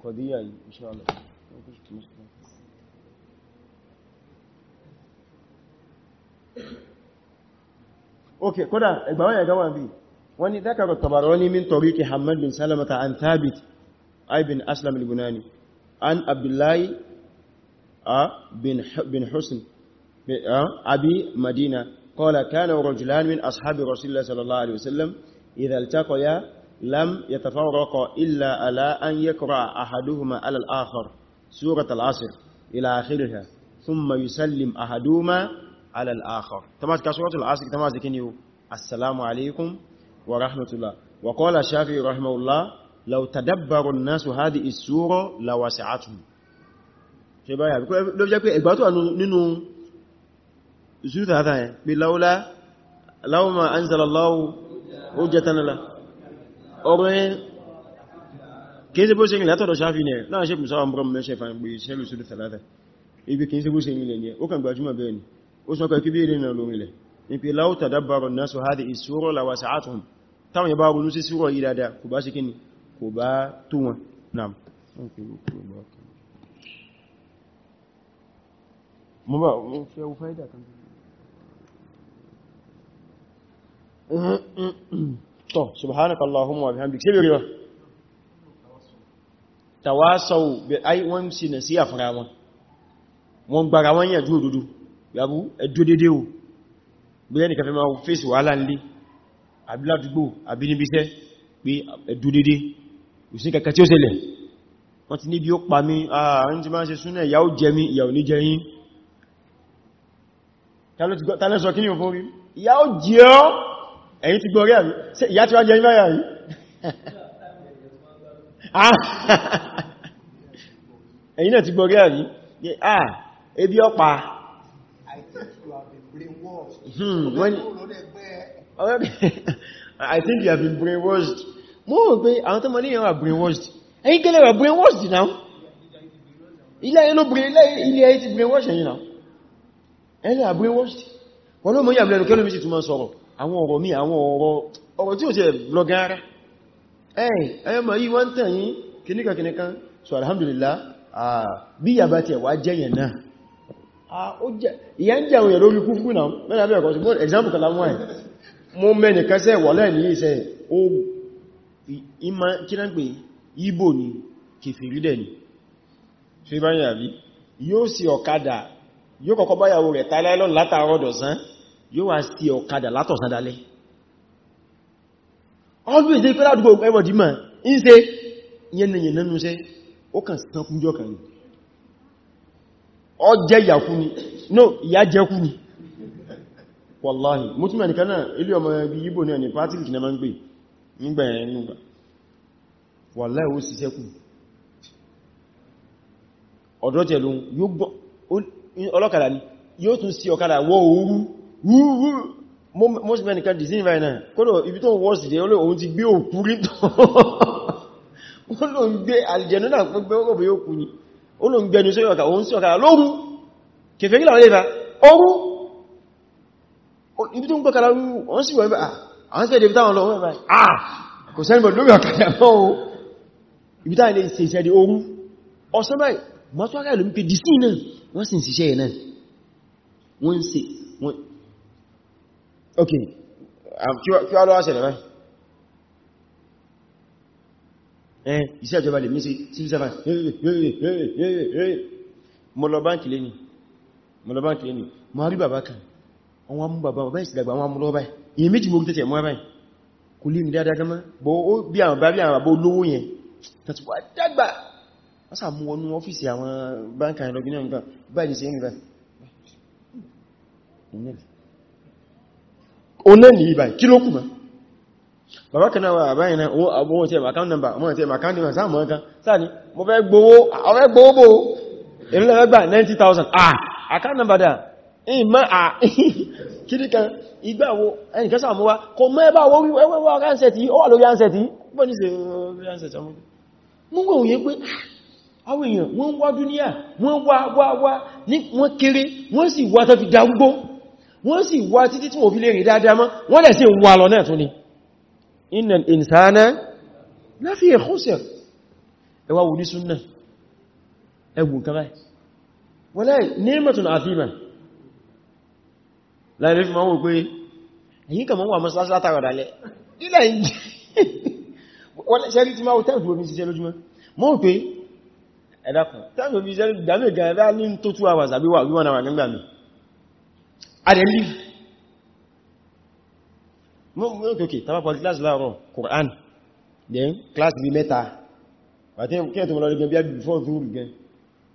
kọ̀díyà iṣẹ́ àlọ́ ok kódà ẹgbàwọ́ yà gáwà bí wọ́n ni dákàrọ̀ Tabarani min tariqi Hamad bin Salamata an Thabit ibn Aslam al-Bunani an Abdullahi آه، بن حسن آه، أبي مدينة قال كان رجلان من أصحاب رسول الله صلى الله عليه وسلم إذا التقيا لم يتفرقا إلا على أن يقرأ أحدهما على الآخر سورة العصر إلى آخرها ثم يسلم أحدهما على الآخر تماس كسورة العصر تماس السلام عليكم ورحمة الله وقال الشافعي رحمه الله لو تدبر الناس هذه السورة لوسعتهم ṣe bá yà ló jẹ́ pé ẹgbà tó wà nínú zúrùtàtà ẹ̀ pé láúlá láúmà anzalallahu ó jẹ tánàlá ọ̀rọ̀ ẹ̀ kìí sí bó ṣe rìn látọ̀dọ̀ ṣáfí ní ẹ̀ láà ṣe musa wọn bọ́m mẹ́ṣẹ́ fàn pé ṣẹ́lù zúrùtàtà ibi ni ó sọ kẹ́kí bí ìrìnà lórí lẹ̀ ní pé láú tàdábàrọ̀ náà sọ hádìí ìṣòro làwà sàátùn táwọn yẹba ronú sí mo bá mo fẹ́ wo fáídà kan tọ́ subhanaka allahumma wa bihamdik ṣe bèèrè wa tawasau bi ai wọ́n sì nà sí àfúnra wọn wọ́n gbára wọ́n yẹ̀ dúró dúdú yàbú ẹ̀dú dédé o bí ẹnìkan fẹ́ máa fèsì wàhálà ń lé àbíládúgbò àbínibíṣẹ́ pé ẹ̀dú dédé òsìn kẹkẹ tí ó ṣẹlẹ̀ wọ́n ti ní ó pa mí ààrín ah, ti máa ń ṣe súnà ìyà ó jẹ ní jẹ tàlẹ́sọ kí ní òfin orí ìyá ó jẹ́ ọ́ ẹ̀yìn ti gbọ́rí àrí ìyá tí wá jẹ́ ìbáyà rí ẹ̀yìn náà ti gbọ́rí àrí ah ebi ọpa hmm, I think you have been brainwashed mo rò pé àwọn tó mọ́ ní ìyàwó brainwashed ẹ̀yìn kẹ́lẹ̀ wà brainwashed now ilé ayé ló brainwashed ẹ̀yìn náà ẹni àbúrẹ́wọ́sì wọ́n ló mọ́ yà lẹ́nu kẹ́lú méjì tó máa sọ̀rọ̀ àwọn ọ̀rọ̀ mi àwọn ọ̀rọ̀ ọ̀rọ̀ tí ó jẹ́ blogara ẹ̀yìn ẹyọmọ̀ yí wọ́n tàn yí kìníkà kìníkà so alhamdulillah bí yà bá ti ẹ̀wà jẹ́yàn náà ìyà ń o yóò ọ̀kadà yóò kọ́kọ́ báyàwó rẹ̀ tàílá ẹlọ́n látàárọ̀ dọ̀sán yóò wá sí ọ̀kadà látọ̀sán dalẹ́ always dey pẹ́lá àdúgbò ẹwọ̀ dìímọ̀ ń ṣe yẹnìyànnú ṣe ó kàn sán ọ jẹ́ ìyàkú ni no ìyá ni wallahi mo tí mẹ́rin kanáà ọlọ́kadà ni yóò tún sí ọ̀kadà wọ òru wúwú most men kan design right now kódò ibi tó wọ́ sí jẹ́ olóòun ti gbé òkú rí tán olóòun gbé àlìjẹ̀nú náà pẹ́ ọgbọ̀ yóò kú ni olóòun gbẹnu sí ọ̀kadà òun sí ọ̀kadà lóru kèfèrí làwọn lè fa òru ibi tó ń gbọ́kadà rú wọ́n sì wọ́n ah, àwọn sí ẹ̀dẹ̀ ibi táwọn lọ wọ́n báyìí ah kò sẹ́ni mọ́sọ́rọ̀ ìlú pé dìsí náà wọ́n sì ń ṣiṣẹ́ náà wọ́n ń ṣe wọ́n ok um, kí wá lọ́wọ́ ṣẹlẹ̀ báyìí ẹ̀ iṣẹ́ ìjọba lè mí sí civil servant mo lọ báńkì lẹ́ni mo lọ báńkì lẹ́ni mo rí bàbá kan àwọn amú bàbá bàbá ìsìdàgbà àwọn amúlọ́ báyìí èyí méjì mo tẹ́tẹ̀ mọ́ báyìí kò lè mi dáadáa gama bí àwọn bàbá olówó yẹn tàbí wà dágbà wọ́n sàmú wọnú ọ́fíìsì àwọn báńkà ìlọ́gbìn náà nǹkan báyìí sí ẹ̀mì báyìí onẹ́lì ìbáyìí kí ló kù mọ́ bàbá kan náà àbáyìí náà owó tí ẹ̀mà account number ọmọ tí ẹ̀mà account number sáàmù ọ̀kan sáà ní mo fẹ́ gbowó ọ̀rẹ́ gbowó bò ìrìnlẹ̀ gbà 90,000 ah account number dà ìmọ́ à kìdí kan ìgbàwó ẹnìkan sáàmù wa kò mọ́ ẹbá owó wíwẹ́wẹ́ àwọn èèyàn wọ́n wá dúníà wọ́n wá wá wá ní wọ́n kéré wọ́n sì wá tó fi dáúgbó wọ́n sì wá títí tí wọ́n fi lè rí dáadáa mọ́ wọ́n lẹ̀ sí wà lọ náà tún ni innal insana lafi khusr ẹ wá wùdí súnnà ẹgbùn kan báyìí wallahi ni'matun azima láìrí fi máa wò pé ẹ̀dàkùn tẹ́lù bí sẹ́lù ìgbàmí ìgbàmí bá ní tó two hours àbí wà wíwọ́n àwọn àgbàmí adẹ̀ lè mọ́kànlẹ̀ tàbá pọ̀lì class láàrùn Qur'an then class bí mẹ́ta àti kí ẹ̀tọ́ lọ́rọ̀ gẹn bí before zuru gẹn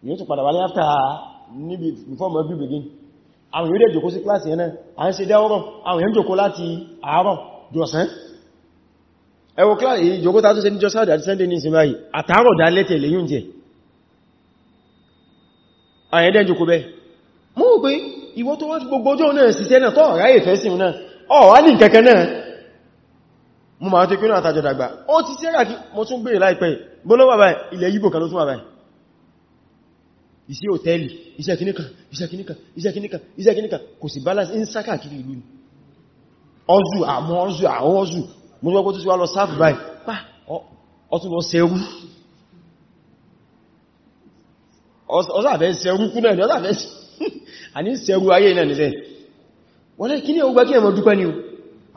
ni ó tún padà wà ní after níbi before mọ́ bí begin àwọn yóò dẹ̀ jòkó sí class yẹn náà à ń ṣe dáwọ́rọ̀ àwọn yẹn jòkó láti àárọ̀ jọ̀sán ẹwọ class yìí jòkó tàbí sẹ́ni jọ́sáàdì àti sẹ́ndẹ̀ ní ìsinmi àtàárọ̀ dá lẹ́tẹ̀ lẹ́yìn jẹ́ àyẹ̀dẹ́jù kò bẹ́ mọ́ pé ìwọ tó wá gbogbo ọjọ́ náà síṣẹ́ náà tọ́ ráyè fẹ́ sí náà ọ wá ní kẹ́kẹ́ náà mú ma tó kínú àtàjọ dàgbà ó ti sẹ́rà kí mọ́ tún bèèrè láìpẹ́ bọ́lọ́wà báyìí ilẹ̀ yíbò kan ló tún wà báyìí iṣẹ́ òtẹ́lì iṣẹ́ kìníkà iṣẹ́ kìníkà iṣẹ́ kìníkà iṣẹ́ kìníkà kò sí balance in sáka kiri ìlú ni ọzù àmọ́ ọzù àwọn ọzù mú wọ́pọ̀ tó ọ̀sáfẹ́ sẹ́rú kú náà ni ọ̀sáfẹ́ àní sẹ́rú ayé náà nìsẹ́ wọ́n lẹ́ kí ní ọgbà kí ẹmọ dúpẹ́ ni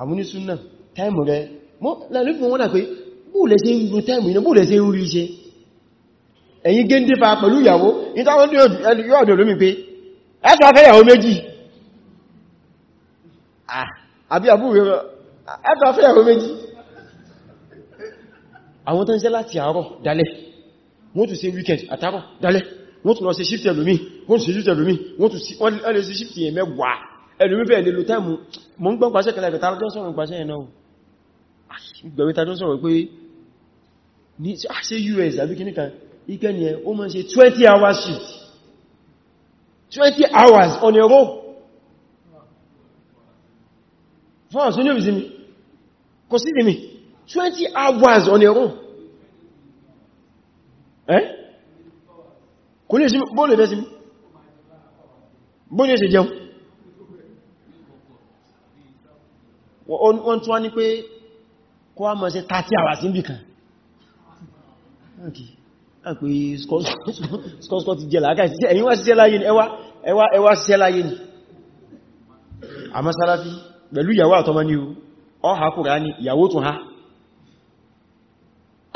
àmúnisúnnà táìmù rẹ̀ lẹ́lúfin wọ́n dà pé bóòlẹ̀ sí ń lo táìmù iná bóòlẹ̀ sí ń rí iṣẹ́ ẹ̀yin géńdé fa pẹ̀lú ìyàwó ìtàwọn yóò dẹ̀ lómi pé ẹ́sọ́ afẹ́ ìyàwó méjì àbí àbúrò ẹ́sọ́ afẹ́ ìyàwó méjì àwọn tó ń ṣe láti àárọ̀ dalẹ́ wọ́n tún ṣe weekend àtàárọ̀ dalẹ́ wọ́n tún lọ sí shift ẹlòmí wọ́n sí shift ẹlòmí wọ́n tún lè sí shift yẹn mẹ́wàá ẹlòmí bẹ́ẹ̀ lè lo táìmù mọ́ ń gbọ́n pàṣẹ kẹlẹ̀ ìgbẹ̀ta lọ́jọ́ sọ̀rọ̀ pàṣẹ yẹn náà gbẹ̀mẹ́ta tó sọ̀rọ̀ pé ní ah, ṣe US àbí kí níkan ikẹ́ ni ẹ ó mọ́ ṣe 20 hours shift 20 hours on a row fọ́n sí ní òbí sí mi kò sí mi 20 hours on a row eh kò lè sí bóòlè fẹ́ sí bóòlè sí jẹun wọ́n tún wá ní pé kó a mọ́ sí 30 hours níbì kan skọ́skọ́ ti jẹ́ làákàí eyi ẹ̀yìn wá sí ẹláyé ni ẹwà ewa ẹláyé ni àmọ́ Sàláfì pẹ̀lú ìyàwó àtọmọ ní ọha kùrá ní ìyàwó tún ha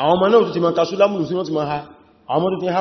àwọn ọmọ náà ti mọ̀ sí wọ́n ti ha àwọn ọmọ tó ti ha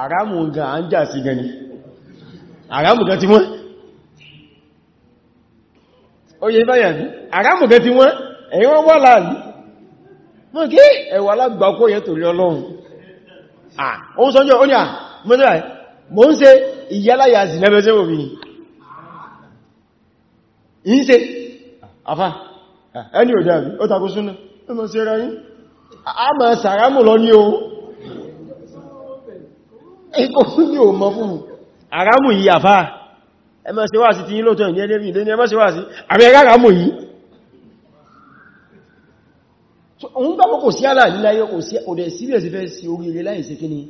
àrámù gan à ń jà sí àrámù ti wọ́n oye báyà ní àrámù ti wọ́n ẹ̀yìn wọ́n wà láàrí mọ́ kí ẹ̀wà alágbàkó torí ọlọ́run ah oun sọ́jọ́ ó ní mọ́ ń ṣe ìyáláyà sí ẹni ikú ní o mọ́ fún àrámù yìí àfá ẹmọ́ sí wá sí ti yín lóòtọ́ ìní ẹlẹ́rìn ìdẹ́ ni ẹmọ́ sí wá sí àmì àrámù yìí òun gbàmọ́ kò sí àlà níláyé kò sí òdẹ̀ sílẹ̀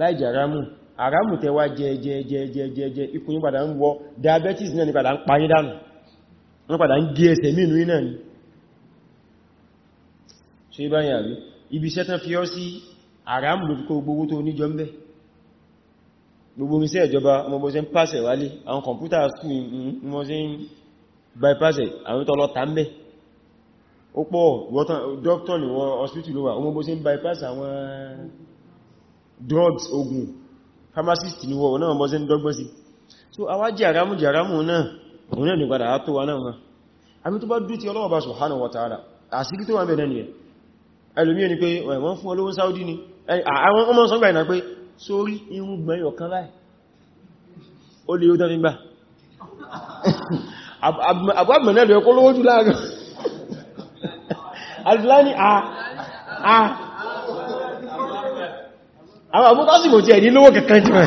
láì jẹ àrámù àrámù tẹ jẹ jẹ jẹ jẹ jẹ jẹ ikùn yín padà ń wọ diabetes náà ní padà ń pa yín dànù wọ́n padà ń gé ẹsẹ̀ mínú iná ni ṣe báyàrí ibi iṣẹ́ tán fi ọ́ sí àrámù lórí kó gbogbo tó níjọ ń bẹ́ẹ̀ gbogbo iṣẹ́ ìjọba ọmọbọ̀ ṣe ń pàṣẹ wálé àwọn kọ̀mpútà skúl wọ́n mm, ṣe ń bypassẹ̀ àwọn tọ́lọ tàbí ó pọ̀ dọ́kítọ̀ ní wọ́n hospital lówà ọmọbọ̀ ṣe ń bypass àwọn drugs ogun pharmacist ní wọ́n náà mọ́ ṣe ń dọ́gbọ́n so àwa jẹ́ àrámù jẹ́ àrámù náà òun náà nígbàdà á tó wa náà wọn àbí tó bá dú ti Saudi ni àwọn ọmọ sórí irùngbọ̀n ẹyọ kan báyìí ó lè ó dá nígbà àbúgbàmọ̀nà lè kó lówó jù láàrin alìláni àà àwọn àbúkásìmò tí ẹ̀ní lówó kankan jù mẹ́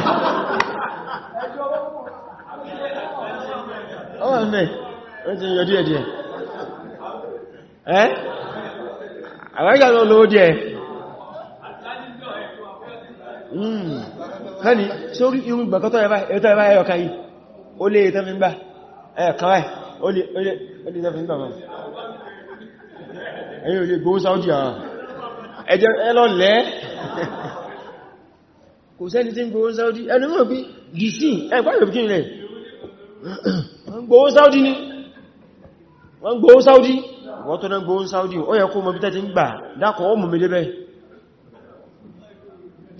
ọwọ́ mẹ́ ó ti yọ díẹ̀díẹ̀ ẹ́ àwọn ìgbàmọ̀ lówó díẹ̀ hẹ́ni hmm. sórí irun gbà kọ́tọ̀ ẹ̀bá ẹ̀yọ kan yìí ó lè tẹ́fí ń bá ẹ̀ẹ̀kan rẹ̀ ó lè tẹ́fí ń bá mọ́ ẹ̀yìn olè gbóhùn Saudi àwọn ẹjẹ́ e ẹlọ́lẹ́ e kò sẹ́ni tí ń gbóhùn Saudi ẹnu mọ́ bí dc ẹgbẹ́ ìrọ̀bí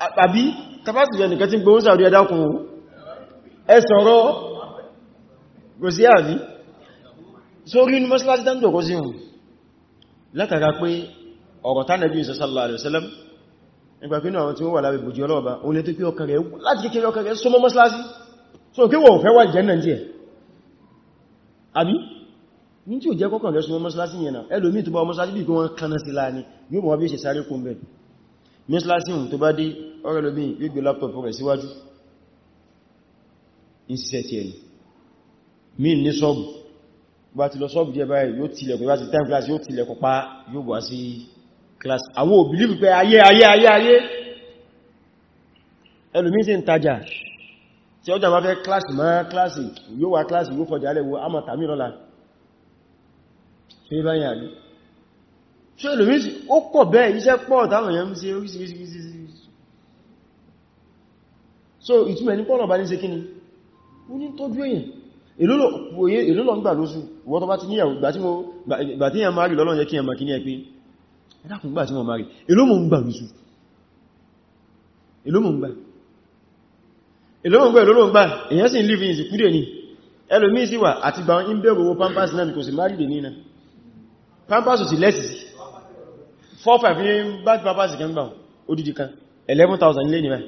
àbí capacity ẹnìkan tí gbóhùn Saudi ẹ̀dàkùn ẹ̀sọ̀rọ̀ kò sí àbí sórí ní mọ́sílásí tán dòkó sí hùn látara pé ọ̀rọ̀ tánàbí sallallahu alaihi wasallam nígbàkínú àwọn tí ó wà lábẹ́ bòjì ọlọ́ọ̀bá òun lè tó pé ọkàn rẹ̀ láti kékeré ọkàn rẹ̀ súnmọ́ mọ́sílásí so kí wọ́n fẹ́ wà jẹ́ náà jẹ́ àbí ní tí ò jẹ́ kọ́kàn rẹ̀ súnmọ́ mọ́sílásí yẹn náà ẹlòmí tó bá mọ́sílásí bí i kí wọ́n kaná sí láàrin yóò mọ̀ bí ṣe sáré kún bẹ̀rẹ̀ mísílásíhùn tó bá dé ọ̀rẹ́ lómi gbígbé láptọ̀pù rẹ̀ síwájú ìsìsẹ̀ ti ẹ̀yìn mí ní sọ́ọ̀bù bá ti lọ sọ́ọ̀bù jẹ́ báyìí yóò tilẹ̀kùn bá ti time class yóò tilẹ̀kùn pa yóò wá sí class àwọn òbílì pípẹ́ ayé ayé ayé ayé ẹlòmí sí ń tajà tí ọjà bá fẹ́ class mọ́ class yóò wá class yóò fọjà lẹ́wọ́ àmọ́ tàmí lọ́la ṣe báyìí ṣe ẹlòmíì sí ó pọ̀ bẹ́ẹ̀ iṣẹ́ pọ̀ táwọn èèyàn ń ṣe oríṣiríṣi so ìtumẹ̀ ní pọ́lọ̀ bá ní ṣe ni ó ní tọ́jú èèyàn èlò lọ ń gbà lóṣù wọ́n tó bá ti níyàwó gbà tí yàn márì lọ́lọ́ yẹ kí yàn màkí ní ẹ̀pín ẹ̀dàkùn gbà tí wọ́n márì èlò mọ̀ ń gbà lóṣù èlò mọ̀ ń gbà èlò mọ̀ ń gbà èlò mọ̀ ń gbà 4-5 ní báńkì pápá sí kẹ́mgbà odidi kan 11,000 nílé nìmẹ́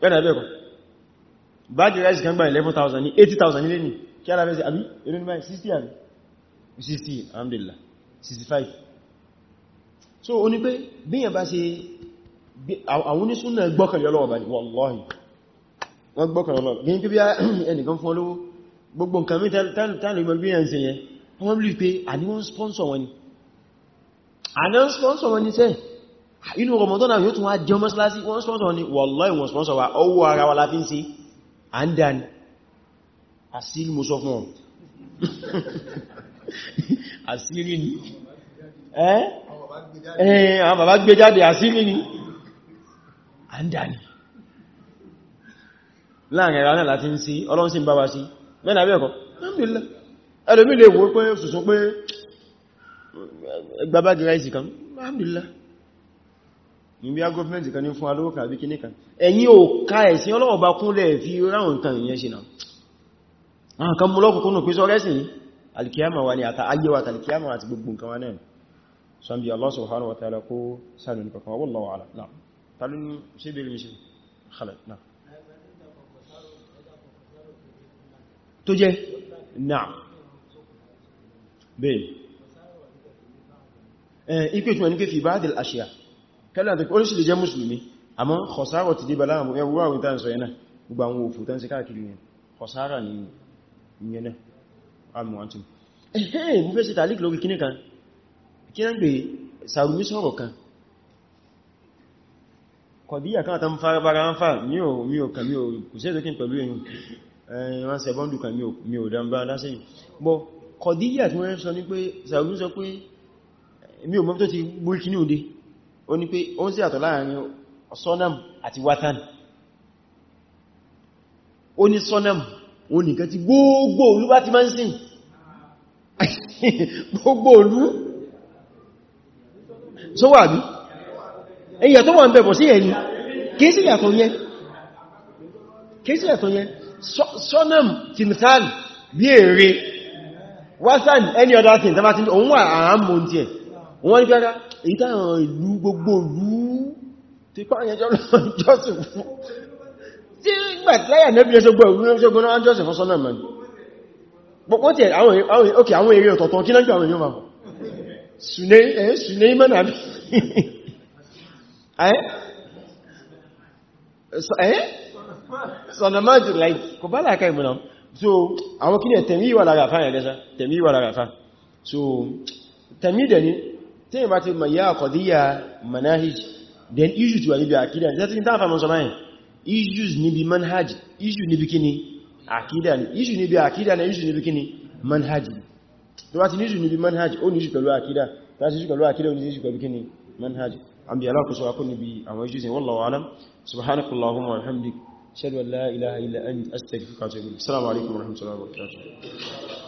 pẹ́nà ẹgbẹ́ kan báńkì rẹ̀ sí kẹ́mgbà 11,000 ní 80,000 nílé ní kí ara fẹ́sí àbí erin mẹ́ 60 àbí 60 alhamdulillah 65 so oni Wallahi. o ní pé bíyàn bá ṣe àwọn onísúnnà gbọ́kànlélọ́wọ́ àná sponsor wọn ní sẹ́ ah, inú Ramadan yóò tún wá jẹ́ mọ́sílásí wọ́n sponsor ní wallahi wọ́n sponsor wa ọwọ́ ara wa láti ń sí àndàn àsírí mo sọ fún ọ àsírí ni ẹ́ àwọn bàbá gbé jáde àsírí ni àndàn láàrin ara náà láti ń sí ọlọ́run sí ń bá wa sí mẹ́nà abẹ́ ẹ̀kọ́ gbábági ráìsì kan alhamdulillah ìbí agọ́fẹ́ntì kan ní fún alówókà àbí kíníkà ẹ̀yin ò ká ẹ̀sìn ọlọ́wọ̀ bá kúnlẹ̀ fi ráwọn nǹkan ìyẹn ṣe náà àwọn kan mú lọ́kùnkún nù pé sọ rẹ́sìn alkiyama wa ni àta ayéwa alkiyama àti gbogbo nǹkan wa náà sọ́nbí Allah subhanahu wa ta'ala kó sánú ní kankan wallahu a'lam náà tàbí ní ṣe bèèrè ṣe khalẹ̀ náà tó jẹ́ bẹ́ẹ̀ Eh, ipe tí wọ́n ní pé fi ba'd al-ashya kẹ́lá àti oríṣì lè jẹ́ mùsùlùmí àmọ́ khasara ti dé bá láàmù ẹwú àwọn tán sọ ẹ̀nà gbogbo àwọn òfò tán sí káàkiri yẹn khasara ni yẹn náà àmù àti ẹ̀hẹ́ mú fẹ́ sí tàlík lórí kíní kan kí náà gbé sàrùmí sọ̀rọ̀ kan kọ̀díyà fara bára ń fà mí ò mí ò kà mí ò kù sí ẹ̀tọ́kín pẹ̀lú ẹ̀yìn wọ́n sẹ̀bọ́ndù kan mí ò dá ń bá mi ò mọ̀ tó ti burúkú ní òde ó ní pé ó ń sí àtọ̀ láàrin sonam àti watan ó ní sonam ó nìkan ti gbogbo olú bá ti máa ń sìn gbogbo olú tó wà bí ẹ̀yà tó wà ń bẹ̀bọ̀ sí ẹ̀yìn kìí sí ìyàtọ̀ yẹn kìí sí ìyàtọ̀ yẹn sonam timthal bí èrè watan any other thing tàbátí òun wà àámò tí ẹ̀ wọ́n ní gbára èyí táwọn ìlú gbogbo ìlú ti pààyàn jọ́sìn fún tí gbàtíláyà nẹ́bí ẹṣogbọ́ ìrúnṣogbọ́n náà jọ́sìn fún sọ́nà mẹ́rin pọ̀pọ̀ tí àwọn èrè ọ̀tọ̀ọ̀tọ̀ kí lọ́gbà àwọn èèyàn máa Suleiman àbí ẹ́ sọ̀nà máa jù so àwọn kí ní tẹ̀mí ìwà lára fáyẹ̀ lẹ́sà tẹ̀mí ìwà lára fá so tẹ̀mí dẹ̀ ni tí ìbá ti mọ̀ yá àkọ̀díyà manahij then issues wà níbi àkídà ní tẹ́tí tàfà mọ́ sọmáyì issues níbi manhaj issues níbi kíni àkídà ní issues níbi àkídà ní issues níbi kíni manhaj tó wá ti ní issues níbi manhaj ó ní issues pẹ̀lú àkídà láti issues pẹ̀lú àkídà ó ní issues pẹ̀lú kíni manhaj